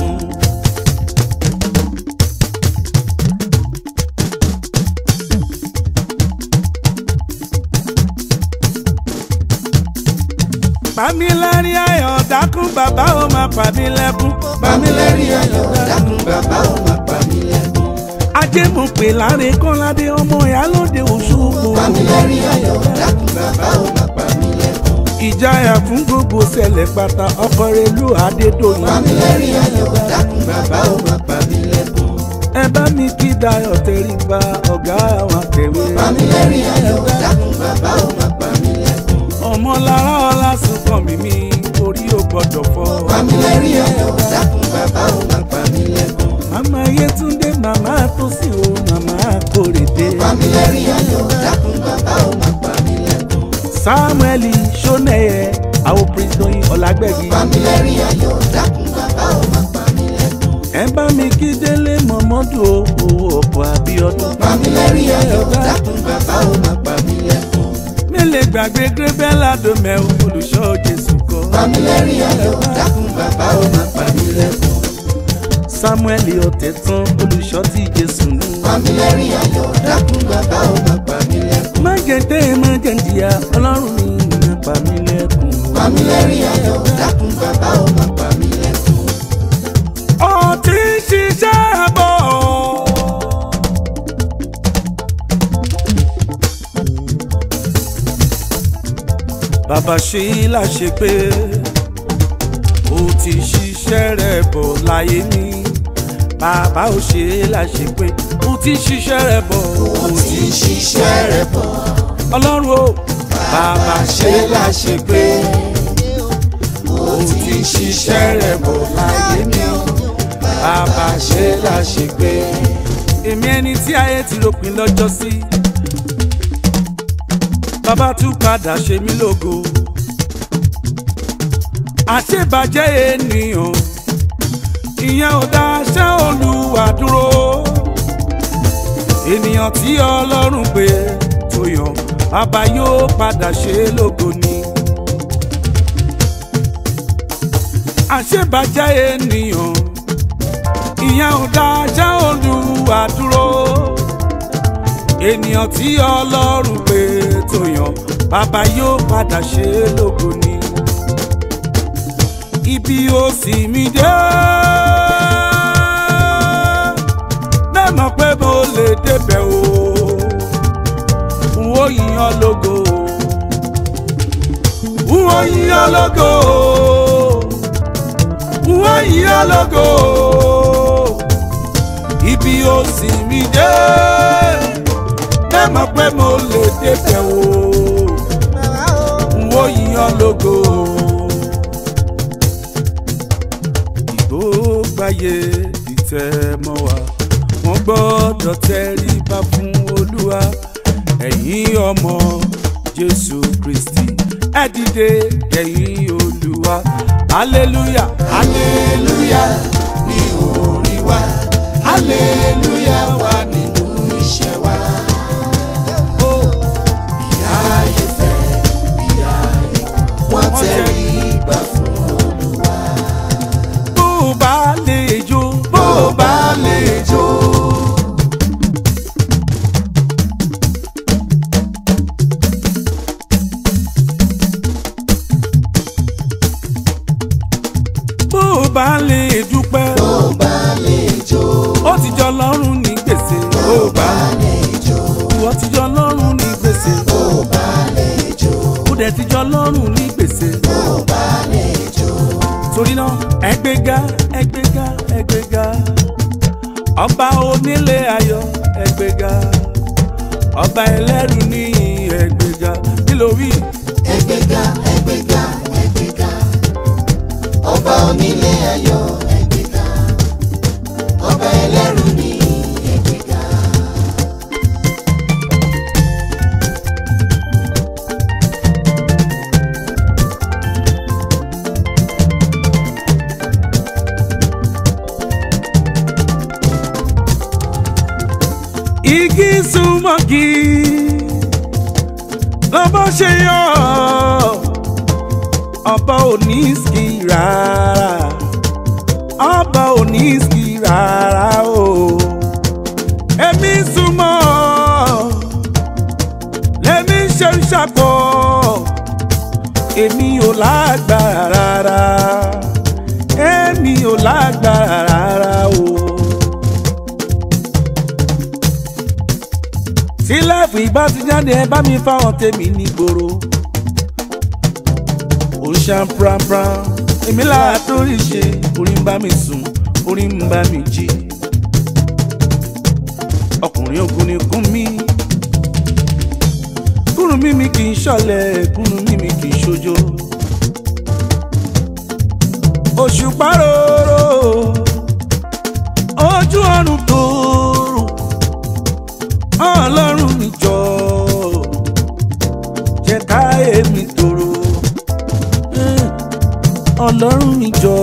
bàmí lẹ́rìn ayọ̀ dákun bàbá ò máa pa mí lẹ́kún. bàmí lẹ́rìn ayọ̀ dákun bàbá ò máa pa mí lẹ́kún. ajémọ̀pẹ̀ láre kọ́ládé ọmọ ìyá lóde Òṣogbo. bàmí lẹ́rìn ayọ̀ dákun bàbá ò máa pa mí lẹ́kún. ìjáyà fún gbogbo ṣẹlẹ̀ pátá ọkọ̀ relu adédọ́yìn. bàmí lẹ́rìn ayọ̀ dákun bàbá ò máa pa mí lẹ́kún. ẹ bá mi kí Dayọ̀ Tẹríba ọ̀gá àwọn akẹ̀wé. bàmí ayọ̀ dákun bàbá ò máa pa mí lẹ́kún. ọmọ sunkàn mi mi orí ò gbọ́dọ̀ fọ́. ọba rí ọ̀dọ̀ dákun bàbá ò má pa mí màmá Yétúndé màmá tó sì o màmá Kòrédé. ọba rí ọ̀dọ̀ dákun bàbá ò má pa mí Samuel Shoneye àwọn Prince Ọlágbẹ̀gì. ọba rí ọ̀dọ̀ dákun bàbá ò má pa mí ẹ bá mi kí Délé Mọ̀mọ́dù owó ọkọ̀ Abíọ́dún. ọba rí ọ̀dọ̀ dákun bàbá ò má pa lè gbàgbé grébẹ́là domẹ́ olùṣọ́ jésù kọ́. pàmílẹ́rìn ayọ̀ dákun bàbá ò máa pàmílẹ́kùn. samuel ọ̀tẹ̀tàn olùṣọ́ tí jésù mú. pàmílẹ́rìn ayọ̀ dákun bàbá ò máa pàmílẹ́kùn. má jẹ́ ọlọ́run mi máa pàmílẹ́kùn. pàmílẹ́rìn ayọ̀ dákun bàbá ò máa pàmílẹ́kùn. bàbá ṣe láṣẹ pé ó ti ṣiṣẹ́ rẹ̀ bọ̀ láyé ní bàbá ò ṣe láṣẹ pé ó ti ṣiṣẹ́ rẹ̀ bọ̀ ó ti ṣiṣẹ́ rẹ̀ bọ̀ ọlọ́run o bàbá ṣe láṣẹ pé ó ti ṣiṣẹ́ rẹ̀ bọ̀ láyé ní bàbá ṣe láṣẹ pé èmi ẹni tí ayé ti ròpin lọ́jọ́ sí bàbá tún padà ṣe mí lógo àṣebàjẹ́ ènìyàn ìyẹn ò dá aṣẹ́ olúwa dúró ènìyàn tí ọlọ́run pé tó yàn bàbá yóò padà ṣe lógo ni. àṣebàjẹ́ ènìyàn ìyẹn ò dá aṣẹ́ olúwa dúró ènìyàn tí ọlọ́run pè tó yàn bàbá yóò padà ṣe é lógo ni ibi ó sì mí dé mẹ́mọ̀ pé mo lè débẹ̀ o n ó yìnyàn lógo n ó yìnyàn lógo n ó lógo ibi ó sì mí dé kẹ́ mọ̀ pé mo lè débẹ̀ o n ó yan lógo ìbò gbáyé ìtẹ́ mọ́ wa wọ́n gbọ́dọ̀ tẹríba fún olúwa ẹ̀yin ọmọ jésù kristi ẹ dìde kẹ̀yìn olúwa hallelujah hallelujah ni orí wa hallelujah wa. tèmi nígboro ó ṣàn pranpran èmi lára tó rí ṣe orí ń bá mi sùn orí ń bá mi jí ọkùnrin ogun ni kún mi kúrú mímí kì í ṣọ̀lẹ kúrú mímí kì í ṣojo òṣùpá rorò ojú ọ̀run tó rò ọlọ́run níjọ́. ọlọ́run mi jọ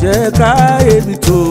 jẹ́ ká ebi tó.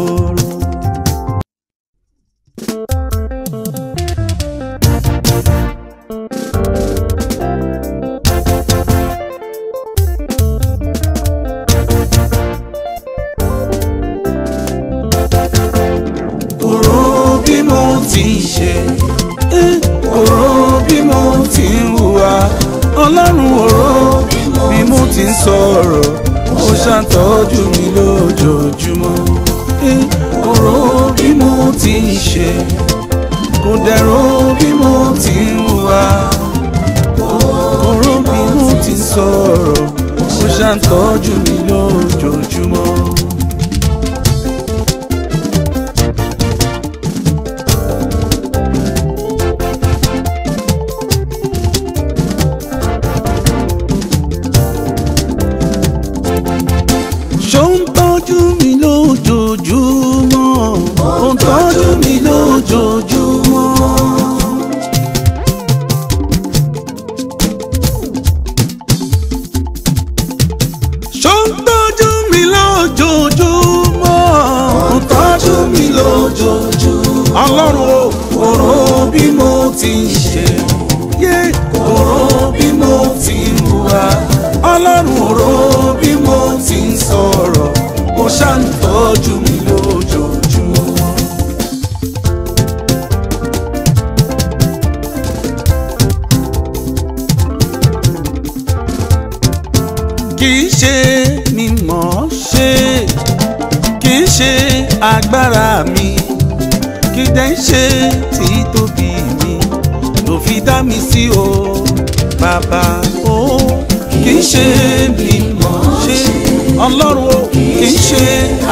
ọlọ́run o kì í ṣe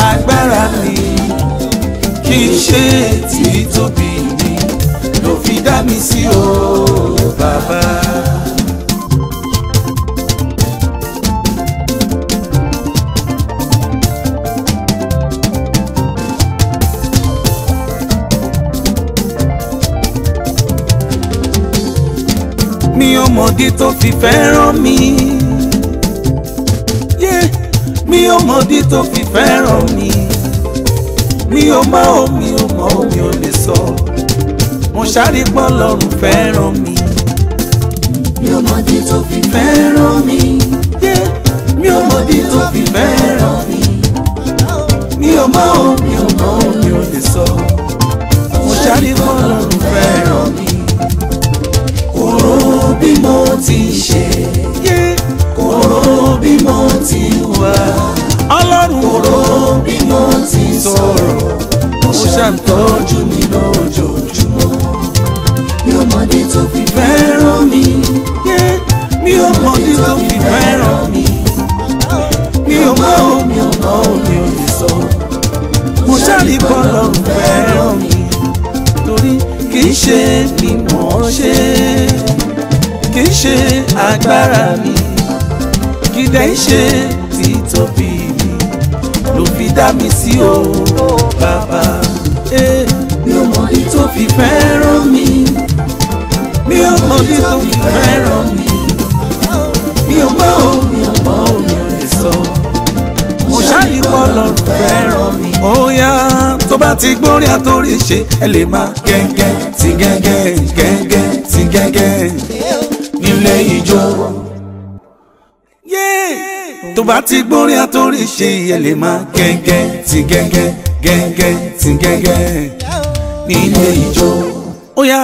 agbára mi kì í ṣe títóbi mi ló fi dá mi sí o bàbá. mi ò mọ̀dí tó fi fẹ́ràn mi mi ò mọ̀dí tó fi fẹ́ràn mi mi ò má omi ò mọ̀ omi ò lè sọ mo ṣáàrí pọ́ lọ́rùn fẹ́ràn mi. mi ò mọ̀dí tó fi fẹ́ràn mi mi ò mọ̀dí tó fi fẹ́ràn mi mi ò má omi ò mọ̀ omi ò lè sọ mo ṣáàrí pọ́ lọ́rùn fẹ́ràn mi kò rò bí mo ti ṣe. Yeah kóró bí mo ti wà ọlọ́run kóró bí mo ti sọ̀rọ̀ ó ṣàtọ́jú mi lójoojúmọ́ mi ò tó fi fẹ́ràn mi mi ò mọ̀dé tó fi fẹ́ràn mi mi ò mọ̀ mi ò mọ̀ ò lè sọ mo ṣàlì bọ́lọ̀ fẹ́ràn mi torí kì í ṣe ni mò ṣe kì í ṣe agbára mi. Babangida ń ṣe tí tóbi mi ló fi dá mi sí o bàbá. mi ò mọ ibi tó fi fẹ́ràn mi mi ò mọ ibi tó fi fẹ́ràn mi mi ò mọ o mi ò mọ o mi ò lè sọ mo ṣáàyè kọ́ lọ́rùn fẹ́ràn mi. ó yá tó bá ti gbórí àtòrí ṣe ẹ lè máa gẹ́gẹ́ sí gẹ́gẹ́ gẹ́gẹ́ sí gẹ́gẹ́ nílé ijó tó bá ti gbórin àtòrí ṣe ìyẹn lè máa gẹ́gẹ́ ti gẹ́gẹ́ gẹ́gẹ́ ti gẹ́gẹ́ nílé ìjó. ó yá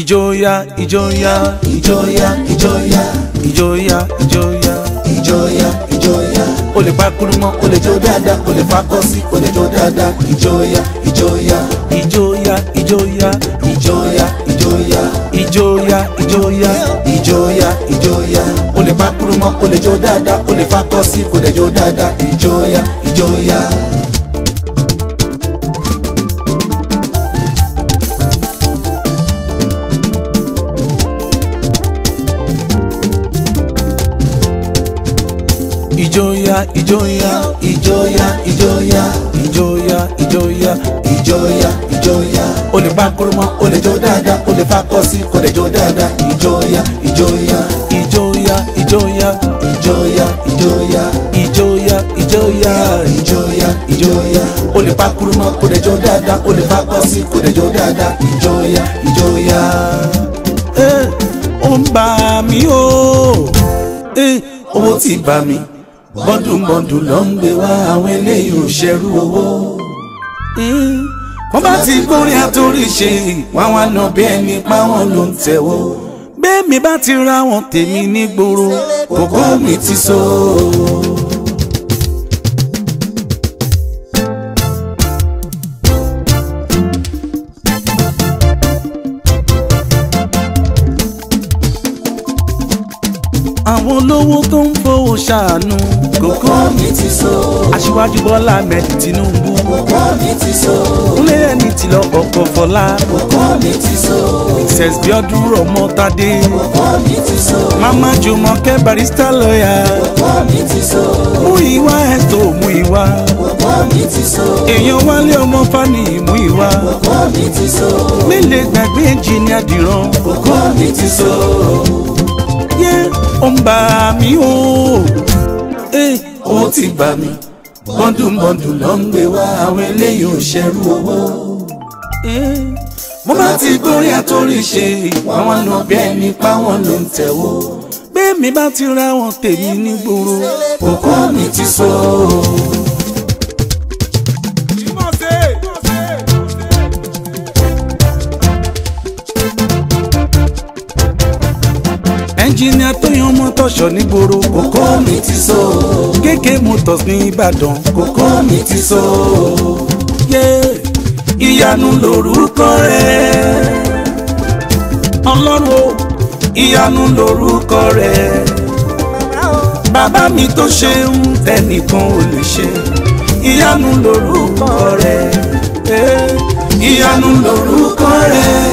ìjó yá ìjó yá ìjó yá ìjó yá ìjó yá ìjó yá ìjó yá ìjó yá. o lè pa kúrú o lè jó dáadáa o lè fa kọ́sí o lè jó dáadáa ìjó yá ìjó yá ìjó yá ìjóyà ìjóyà ìjóyà ìjóyà ìjóyà ìjóyà ìjóyà o lè pa kúrú o lè jó dáadáa o lè fa kọ́ sí kò lè jó dáadáa ìjóyà ìjóyà. ìjóyà ìjóyà ìjóyà ìjóyà ìjó ìjọyà ìjọyà ìjọyà o lè bá o lè jó dáadáa o lè fa kọ́sí kò lè jó dáadáa ìjọyà ìjọyà ìjọyà ìjọyà ìjọyà ìjọyà ìjọyà ìjọyà ìjọyà ìjọyà o lè bá kò lè jó dáadáa o lè fa kò lè jó dáadáa ìjọyà ìjọyà. Eh, ó ń bà mí o eh, owó ti bà mí bọ́ndùnbọ́ndùn ló ń gbé wá àwọn eléyìí ò ṣerú owó wọ́n bá ti gbórí àtórí ṣe wọ́n wá lọ bí ẹni pa wọ́n ló ń tẹ̀wọ́. bẹ́ẹ̀ mi bá ti ra wọn tèmi nígboro kókó mi ti sọ. So. àwọn olówó tó ń fowó ṣàánú. kókó mi ti so. aṣíwájú bọ́lá ahmed tinubu. kókó mi ti so. kúnlé ẹni tí lọ ọkọ̀ fọlá. kókó mi ti so. princess biodun rọmọtadé. kókó mi ti so. mama jumoke barrister lawyer. kókó mi ti so. mú ìwà ẹ̀ tó mú ìwà. kókó mi ti so. èèyàn wálé ọmọ fani mú ìwà. kókó mi ti so. mélèé gbàgbé ẹnjìnìá dìran. kókó mi ti so ó ń bà mí o eh, ó ti bà mí bọ́ndùnbọ́ndùn ló ń gbé wá àwọn eléyìí ò owó. Eh, mo bá ti gbórí àtórí ṣe ìwà wọn lọ bí ẹni pa wọn ló ń tẹ̀wó. bẹ́ẹ̀ mi bá ti ra wọn tèmi nígboro òkú mi ti sọ. So. engineer Tóyàn Mọ́tòṣọ́ nígboro. kókó mi ti so. KK Motors ní Ìbàdàn. kókó mi ti so. ìyanu lórúkọ rẹ̀ ọlọ́run o ìyanu lórúkọ rẹ̀ bàbá mi tó ṣe ń tẹnìkan ò lè ṣe ìyanu lórúkọ rẹ̀ ìyanu lórúkọ rẹ̀.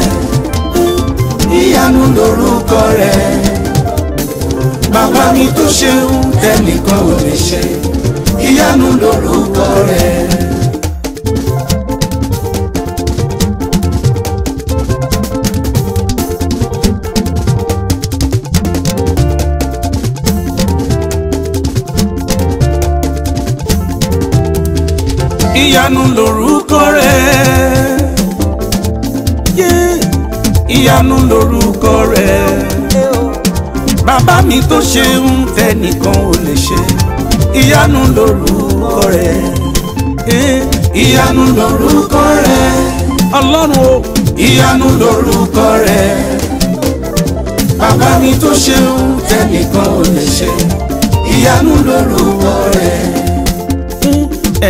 ìyanu lórúkọ rẹ̀ eh, ìyanu lórúkọ rẹ̀ ọlọ́run o ìyanu lórúkọ rẹ̀ bàbá mi tó ṣeun tẹnìkan ò lè ṣe ìyanu lórúkọ rẹ̀.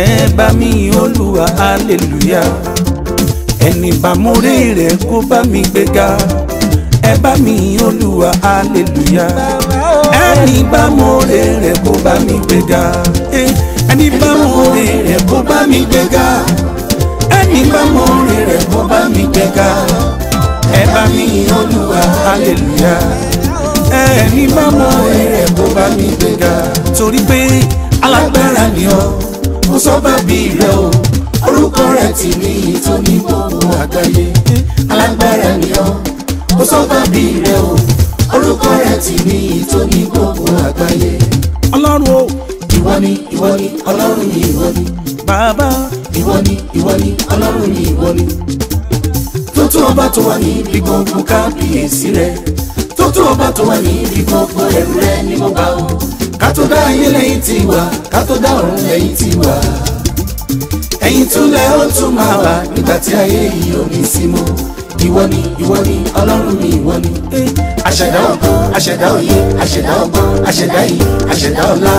Eh, ẹ bá mi olúwa aleluya ẹni bá múre rẹ̀ kó bá mi gbéga ẹ bá mi olúwa aleluya ẹni bá mọ̀ọ́rẹ́ eh, rẹ̀ kó bá mi gbéga ẹni bá mọ̀ọ́rẹ́ rẹ̀ kó bá mi gbéga ẹni bá mọ̀ọ́rẹ́ rẹ̀ kó bá mi gbéga ẹ bá mi olúwa hallelujah ẹni bá mọ̀ọ́rẹ́ rẹ̀ kó bá mi gbéga torí pé alágbára ni ọ mo sọ bá rẹ o orúkọ rẹ ti ní ìtọ́ni gbogbo àgbáyé eh, alágbára ni ọ mo sọ bá bí rẹ o orúkọ rẹ̀ ti ní ìtóní gbogbo àgbáyé. ọlọ́run o. ìwọ ni ìwọ ni ọlọ́run ni ìwọ ni. bàbá. ìwọ ni ìwọ ni ọlọ́run ni ìwọ ni. tó tó ọba tó wà ní ibi gbogbo kábíyèsí rẹ̀ tó tó ọba tó wà ní ibi gbogbo ẹrú rẹ̀ ni mo bá o. ká dá ayé lẹ́yìn ti wà ká dá ọ̀run lẹ́yìn ti wà. ẹ̀yìn tún ó tún máa wà nígbà tí ayé yìí ò ní sí ìwọ ni ìwọ ni ọlọ́run ni ìwọ ni. Eh, àṣẹ̀dá ògo àṣẹ̀dá òye àṣẹ̀dá ògo àṣẹ̀dá ìyè àṣẹ̀dá ọlá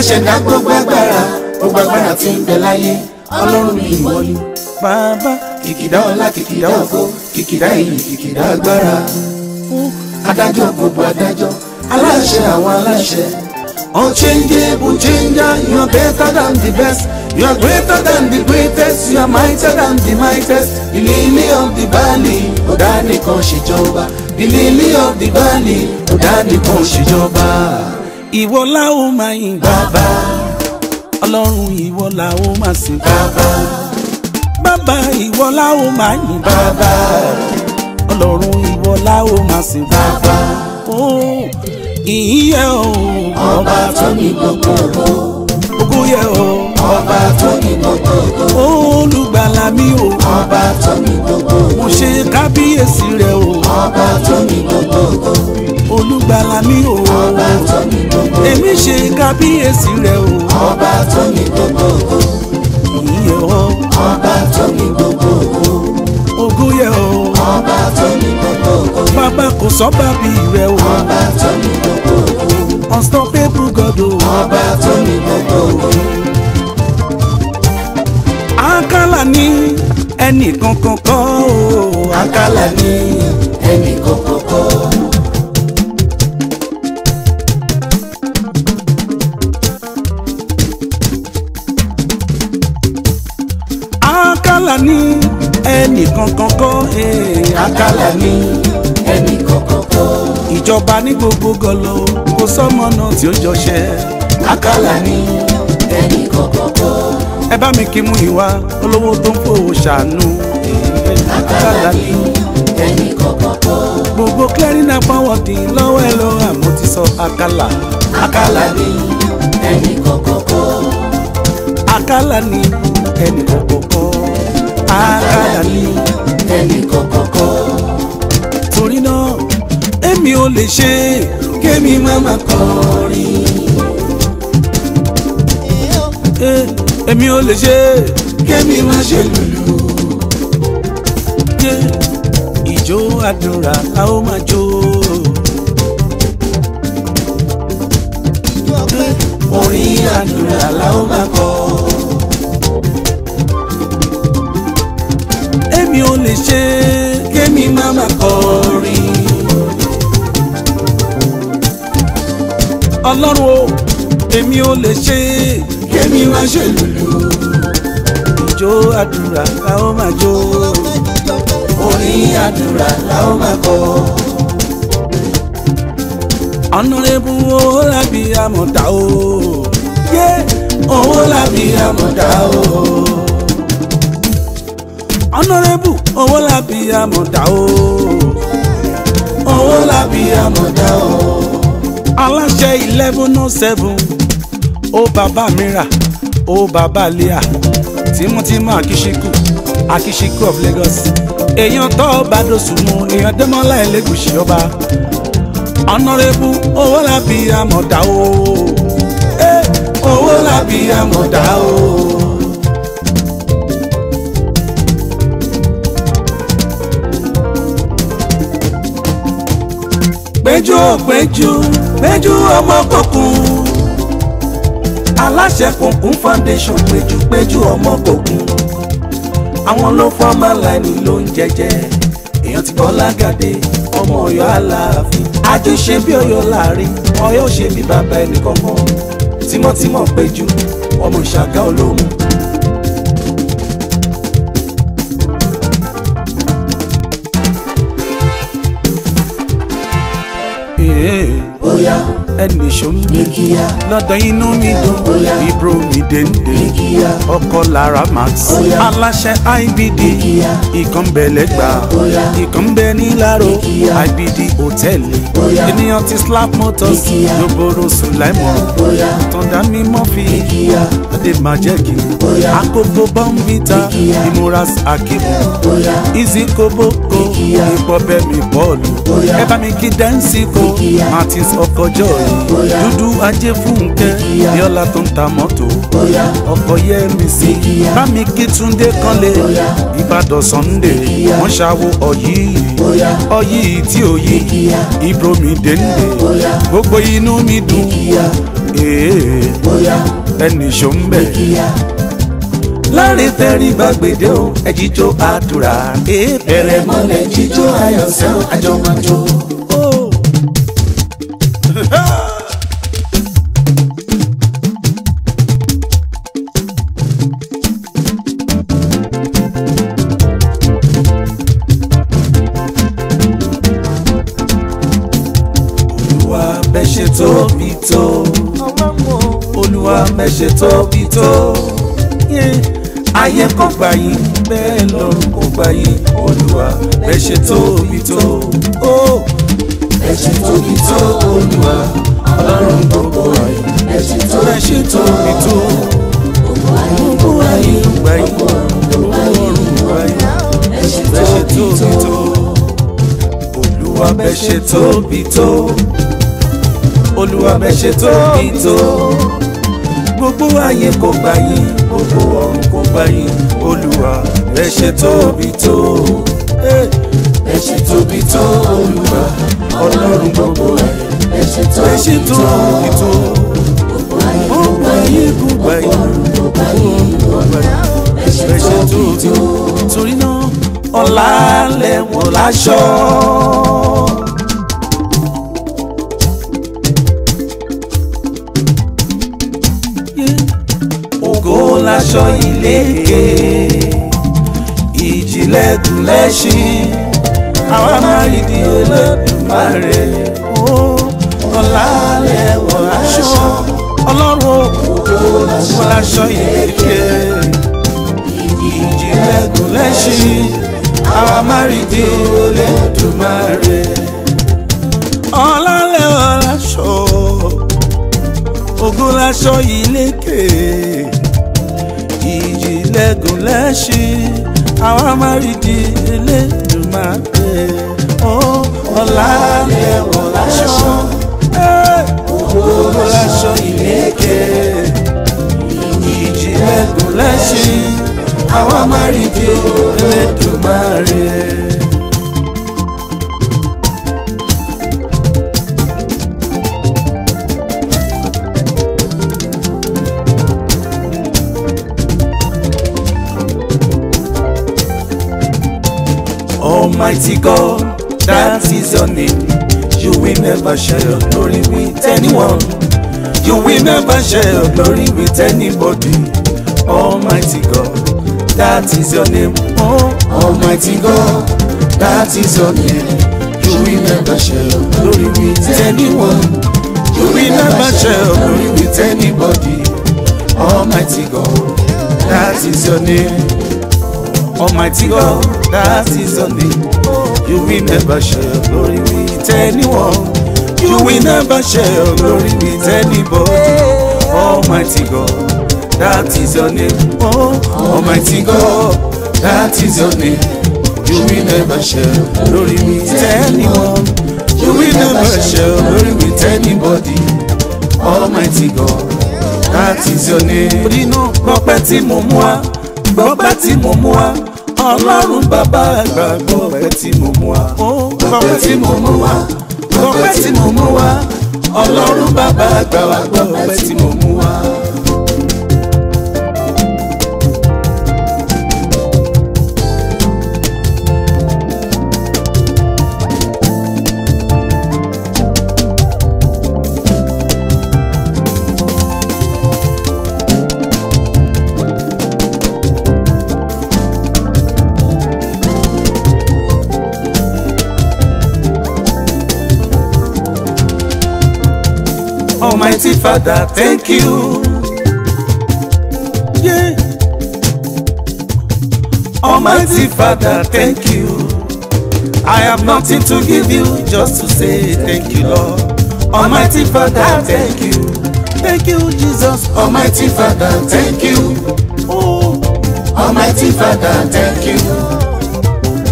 àṣẹ̀dá gbogbo agbára gbogbo agbára tí ń bẹ láyé ọlọ́run mi ìwọ ni. bàbá kìkìdá ọlá kìkìdá ògo kìkìdá ìyè kìkìdá agbára adájọ́ gbogbo adájọ́ aláṣẹ àwọn aláṣẹ. unchangeable changer you are better than the best you are greater than the greatest you are mightier than the mightiest ilé ilé of the valley ọ̀gá nìkan ṣèjọba the lily of the valley ọ̀dà nìkan ṣèjọba. ìwọ la ó máa yìn bàbá ọlọ́run ìwọ la ó máa sìn bàbá bàbá ìwọ la ó máa yìn bàbá ọlọ́run ìwọ la ó máa sìn bàbá ìyìn yẹ o. ọba tó ní gbogbo ògo ògo yẹ o ọba tó ní gbogbo ògo. olùgbàlà mi o. ọba tó ní gbogbo ògo. mo ṣe kábíyèsí rẹ o. ọba tó ní gbogbo ògo. olùgbàlà mi o. ọba tó ní gbogbo ògo. èmi ṣe kábíyèsí rẹ o. ọba tó ní gbogbo ògo. ìyẹ ọ. ọba tó ní gbogbo ògo. ògo yẹ ọ. ọba tó ní gbogbo ògo. kò sọ́ba bí rẹ o. ọba tó ní gbogbo ògo. unstoppable God o. ọba tó ní gbogbo àkàlà ni ẹnìkan kọ́kọ́ o. àkàlà ni ẹnìkan kọ́kọ́. àkàlà ni ẹnìkan kọ́kọ́. E. àkàlà ni ẹnìkan kọ́kọ́. ìjọba ní gbogbo gọlọ kò sọmọ náà tí ó jọṣẹ. àkàlà ni ẹnìkan kọ́kọ́ ẹ bá mi kí mú ìwà olówó tó ń fowó ṣàánú. látara ni ẹni kọ̀ọ̀kan tó. gbogbo clearing up power di lọ́wọ́ ẹ lọ àmọ́ ti sọ àkàlà. àkàlà ni ẹni kọ̀ọ̀kan tó. ni ẹni kọ̀ọ̀kan tó. ni ẹni kọ̀ọ̀kan torí náà èmi ò lè ṣe kémi má má kọrin. Eh èmi ò lè ṣe. kémi má ṣe lùlù. ìjó àdúrà a ó máa jó. orin àdúrà la ó máa kọ. èmi ò lè ṣe. kémi má máa kọ orin. ọlọ́run o èmi ò lè ṣe é mi wá ṣe lùlù. ìjó àdúrà la ó máa jó. orin àdúrà la ó máa kọ. ọ̀nàrẹ́bù owó làbí àmọ̀dá o. yé owó làbí àmọ̀dá o. ọ̀nàrẹ́bù owó làbí àmọ̀dá o. owó làbí àmọ̀dá o. aláṣẹ eleven oh seven ó bàbá mi rà ó bàbá lẹ́à tímọ́tímọ́ akíṣíkù akíṣíkù of Lagos èèyàn tó bá dosùnmù èèyàn dẹ́mọ́lá ẹlẹ́gùsì ọba ọ̀nàrẹ́bù owó làbí àmọ̀dá o eh, owó làbí àmọ̀dá o. péjú ó péjú péjú ọmọ kọkùn aláṣẹ kùnkùn foundation péjúpéjú ọmọ gògùn àwọn ló fọ́mà láìní ló ń jẹjẹ èèyàn ti bọ́ lágàdé ọmọ ọ̀yọ́ aláàfin ajú ṣe bí ọ̀yọ́ láàrin ọ̀yọ́ ṣe bí bàbá ẹnìkan mọ́ tímọ́tímọ́ péjú ọmọ ìṣàgá olóhùn ẹnì ṣombe lọ́dọ̀ inú mi dùn ibro mi dende ọkọ Lara Max aláṣẹ IBD ìkànbẹ̀lẹ̀ gbà ìkànbẹ̀ níláró IBD hòtẹ́ẹ̀lì ènìyàn ti slap motors lóboro sùn láìmọ̀ tọ́ndà mímọ́ fi adé máa jẹ́ kí n. Akoko Bombita, Imuras Akibu, Easy Koboko, Ipobe mi bọ́ọ̀lù, ẹ bá mi kí dẹ́ǹsì ko, Martins Ọkọjọ́ yìí, Dúdú Ajé Fúnkẹ́, Yọ́lá tó ń ta mọ́tò, ọkọ̀ yẹ́ mi sí, bá mi kí Túndé Kánlé, Ìbàdàn Sunday, wọ́n ṣàwo ọ̀yí yìí, ọ̀yí tí ò yí, Ibro mi dèndé, gbogbo inú mi dùn, ẹnì ṣó ń bẹ̀ láre tẹ́rí gbàgbèdé o ẹ jíjó àdúrà. bẹ̀rẹ̀ mọ́lẹ̀ jíjó ayọ̀ sẹ́wọ̀n àjọmọ́jọ. tóbi tó olúwa mẹ́ṣẹ̀ tóbi tó ayé kò gbà yín bẹ́ẹ̀ lọ́run kò gbà yín olúwa ẹ ṣe tóbi tó o ẹ ṣe tóbi tó olúwa ọlọ́run gbogbo ayé ẹ ṣe tóbi tó gbogbo ayé gbà yín gbogbo ọ̀run gbà yín ẹ ṣe tóbi tó olúwa bẹ ṣe tóbi tó olúwa bẹ ṣe tóbi tó gbogbo ayé kò gbà yín gbogbo ọ̀run kò dúpẹ́ yìí olúwa ẹ ṣe tóbi tó ẹ ṣe tóbi tó olúwa ọlọ́run gbogbo ẹ ṣe tóbi tó gbogbo ayé gbogbo ayé gbogbo ayé ẹ ṣe tóbi tó torí náà ọ̀la lẹ́wọ̀n láṣọ. aṣọ ìlékè ìjìnlẹ̀ kùlẹ́ṣin àwa máa rí di oh, ọ̀làlẹ̀ wọ̀ aṣọ ọlọ́run wọ̀ aṣọ ìlékè ìjìnlẹ̀ kùlẹ́ṣin àwa máa rí di ọ̀làlẹ̀ wọ̀ aṣọ ogun laṣọ ìlékè dẹ̀gùn lẹ́ṣin àwa máa rí di Elédùmarè ó ọ̀la ni ẹ̀wọ̀n láṣọ òwò láṣọ ìlékè ìjì dẹ̀gùn lẹ́ṣin àwa máa rí Almighty God, that is your name. You will never share your glory with anyone. You will never share your glory with anybody. Almighty God, that is your name. Oh, Almighty God, that is your name. You will never share your glory with anyone. You will never share your glory with anybody. Almighty God, that is your name. Almighty God, that is your name. You will never share glory with anyone. You will never share glory with anybody. Almighty God, that is your name. Oh, Almighty God, that is your name. You will never share glory with anyone. You will never share glory with anybody. Almighty God, that is your name. Rínú, gbọ́pẹ́ tí mo mú wa, gbọ́pẹ́ tí mo mú wa ọlọ́run bàbá àgbàgbọ́ ọpẹ́ tí mo mú wa ọpẹ́ tí mo mú wa ọpẹ́ tí mo mú wa ọlọ́run bàbá àgbàgbọ́ ọpẹ́ tí mo mú wa. Almighty Father, thank you. Yeah. Almighty Father, thank you. I have nothing to give you just to say thank you, Lord. Almighty Father, thank you. Thank you, Jesus. Almighty Father, thank you. Oh. Almighty Father, thank you.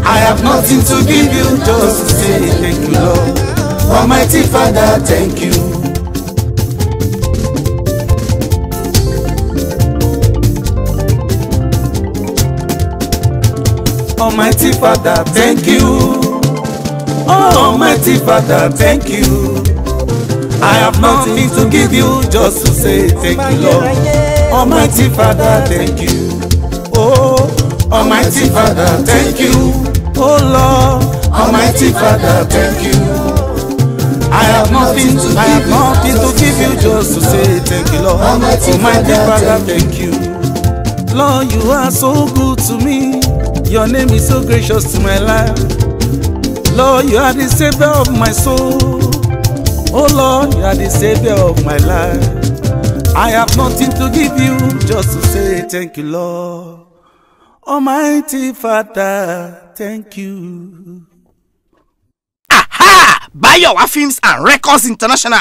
I have nothing to give you just to say thank you, Lord. Almighty Father, thank you. Almighty Father, thank you. Oh, Almighty Father, thank you. I have nothing to give you just to say thank you, Lord. Almighty Father, thank you. Oh, Almighty Father, thank you. Oh, Lord. Almighty Father, thank you. I have nothing to I have nothing to give you just to say thank you, Lord. Almighty Father, thank you. Lord, you are so good to me. Your name is so gracious to my life. Lord, you are the savior of my soul. Oh Lord, you are the savior of my life. I have nothing to give you just to say thank you, Lord. Almighty Father, thank you. Aha! Buy your Films and Records International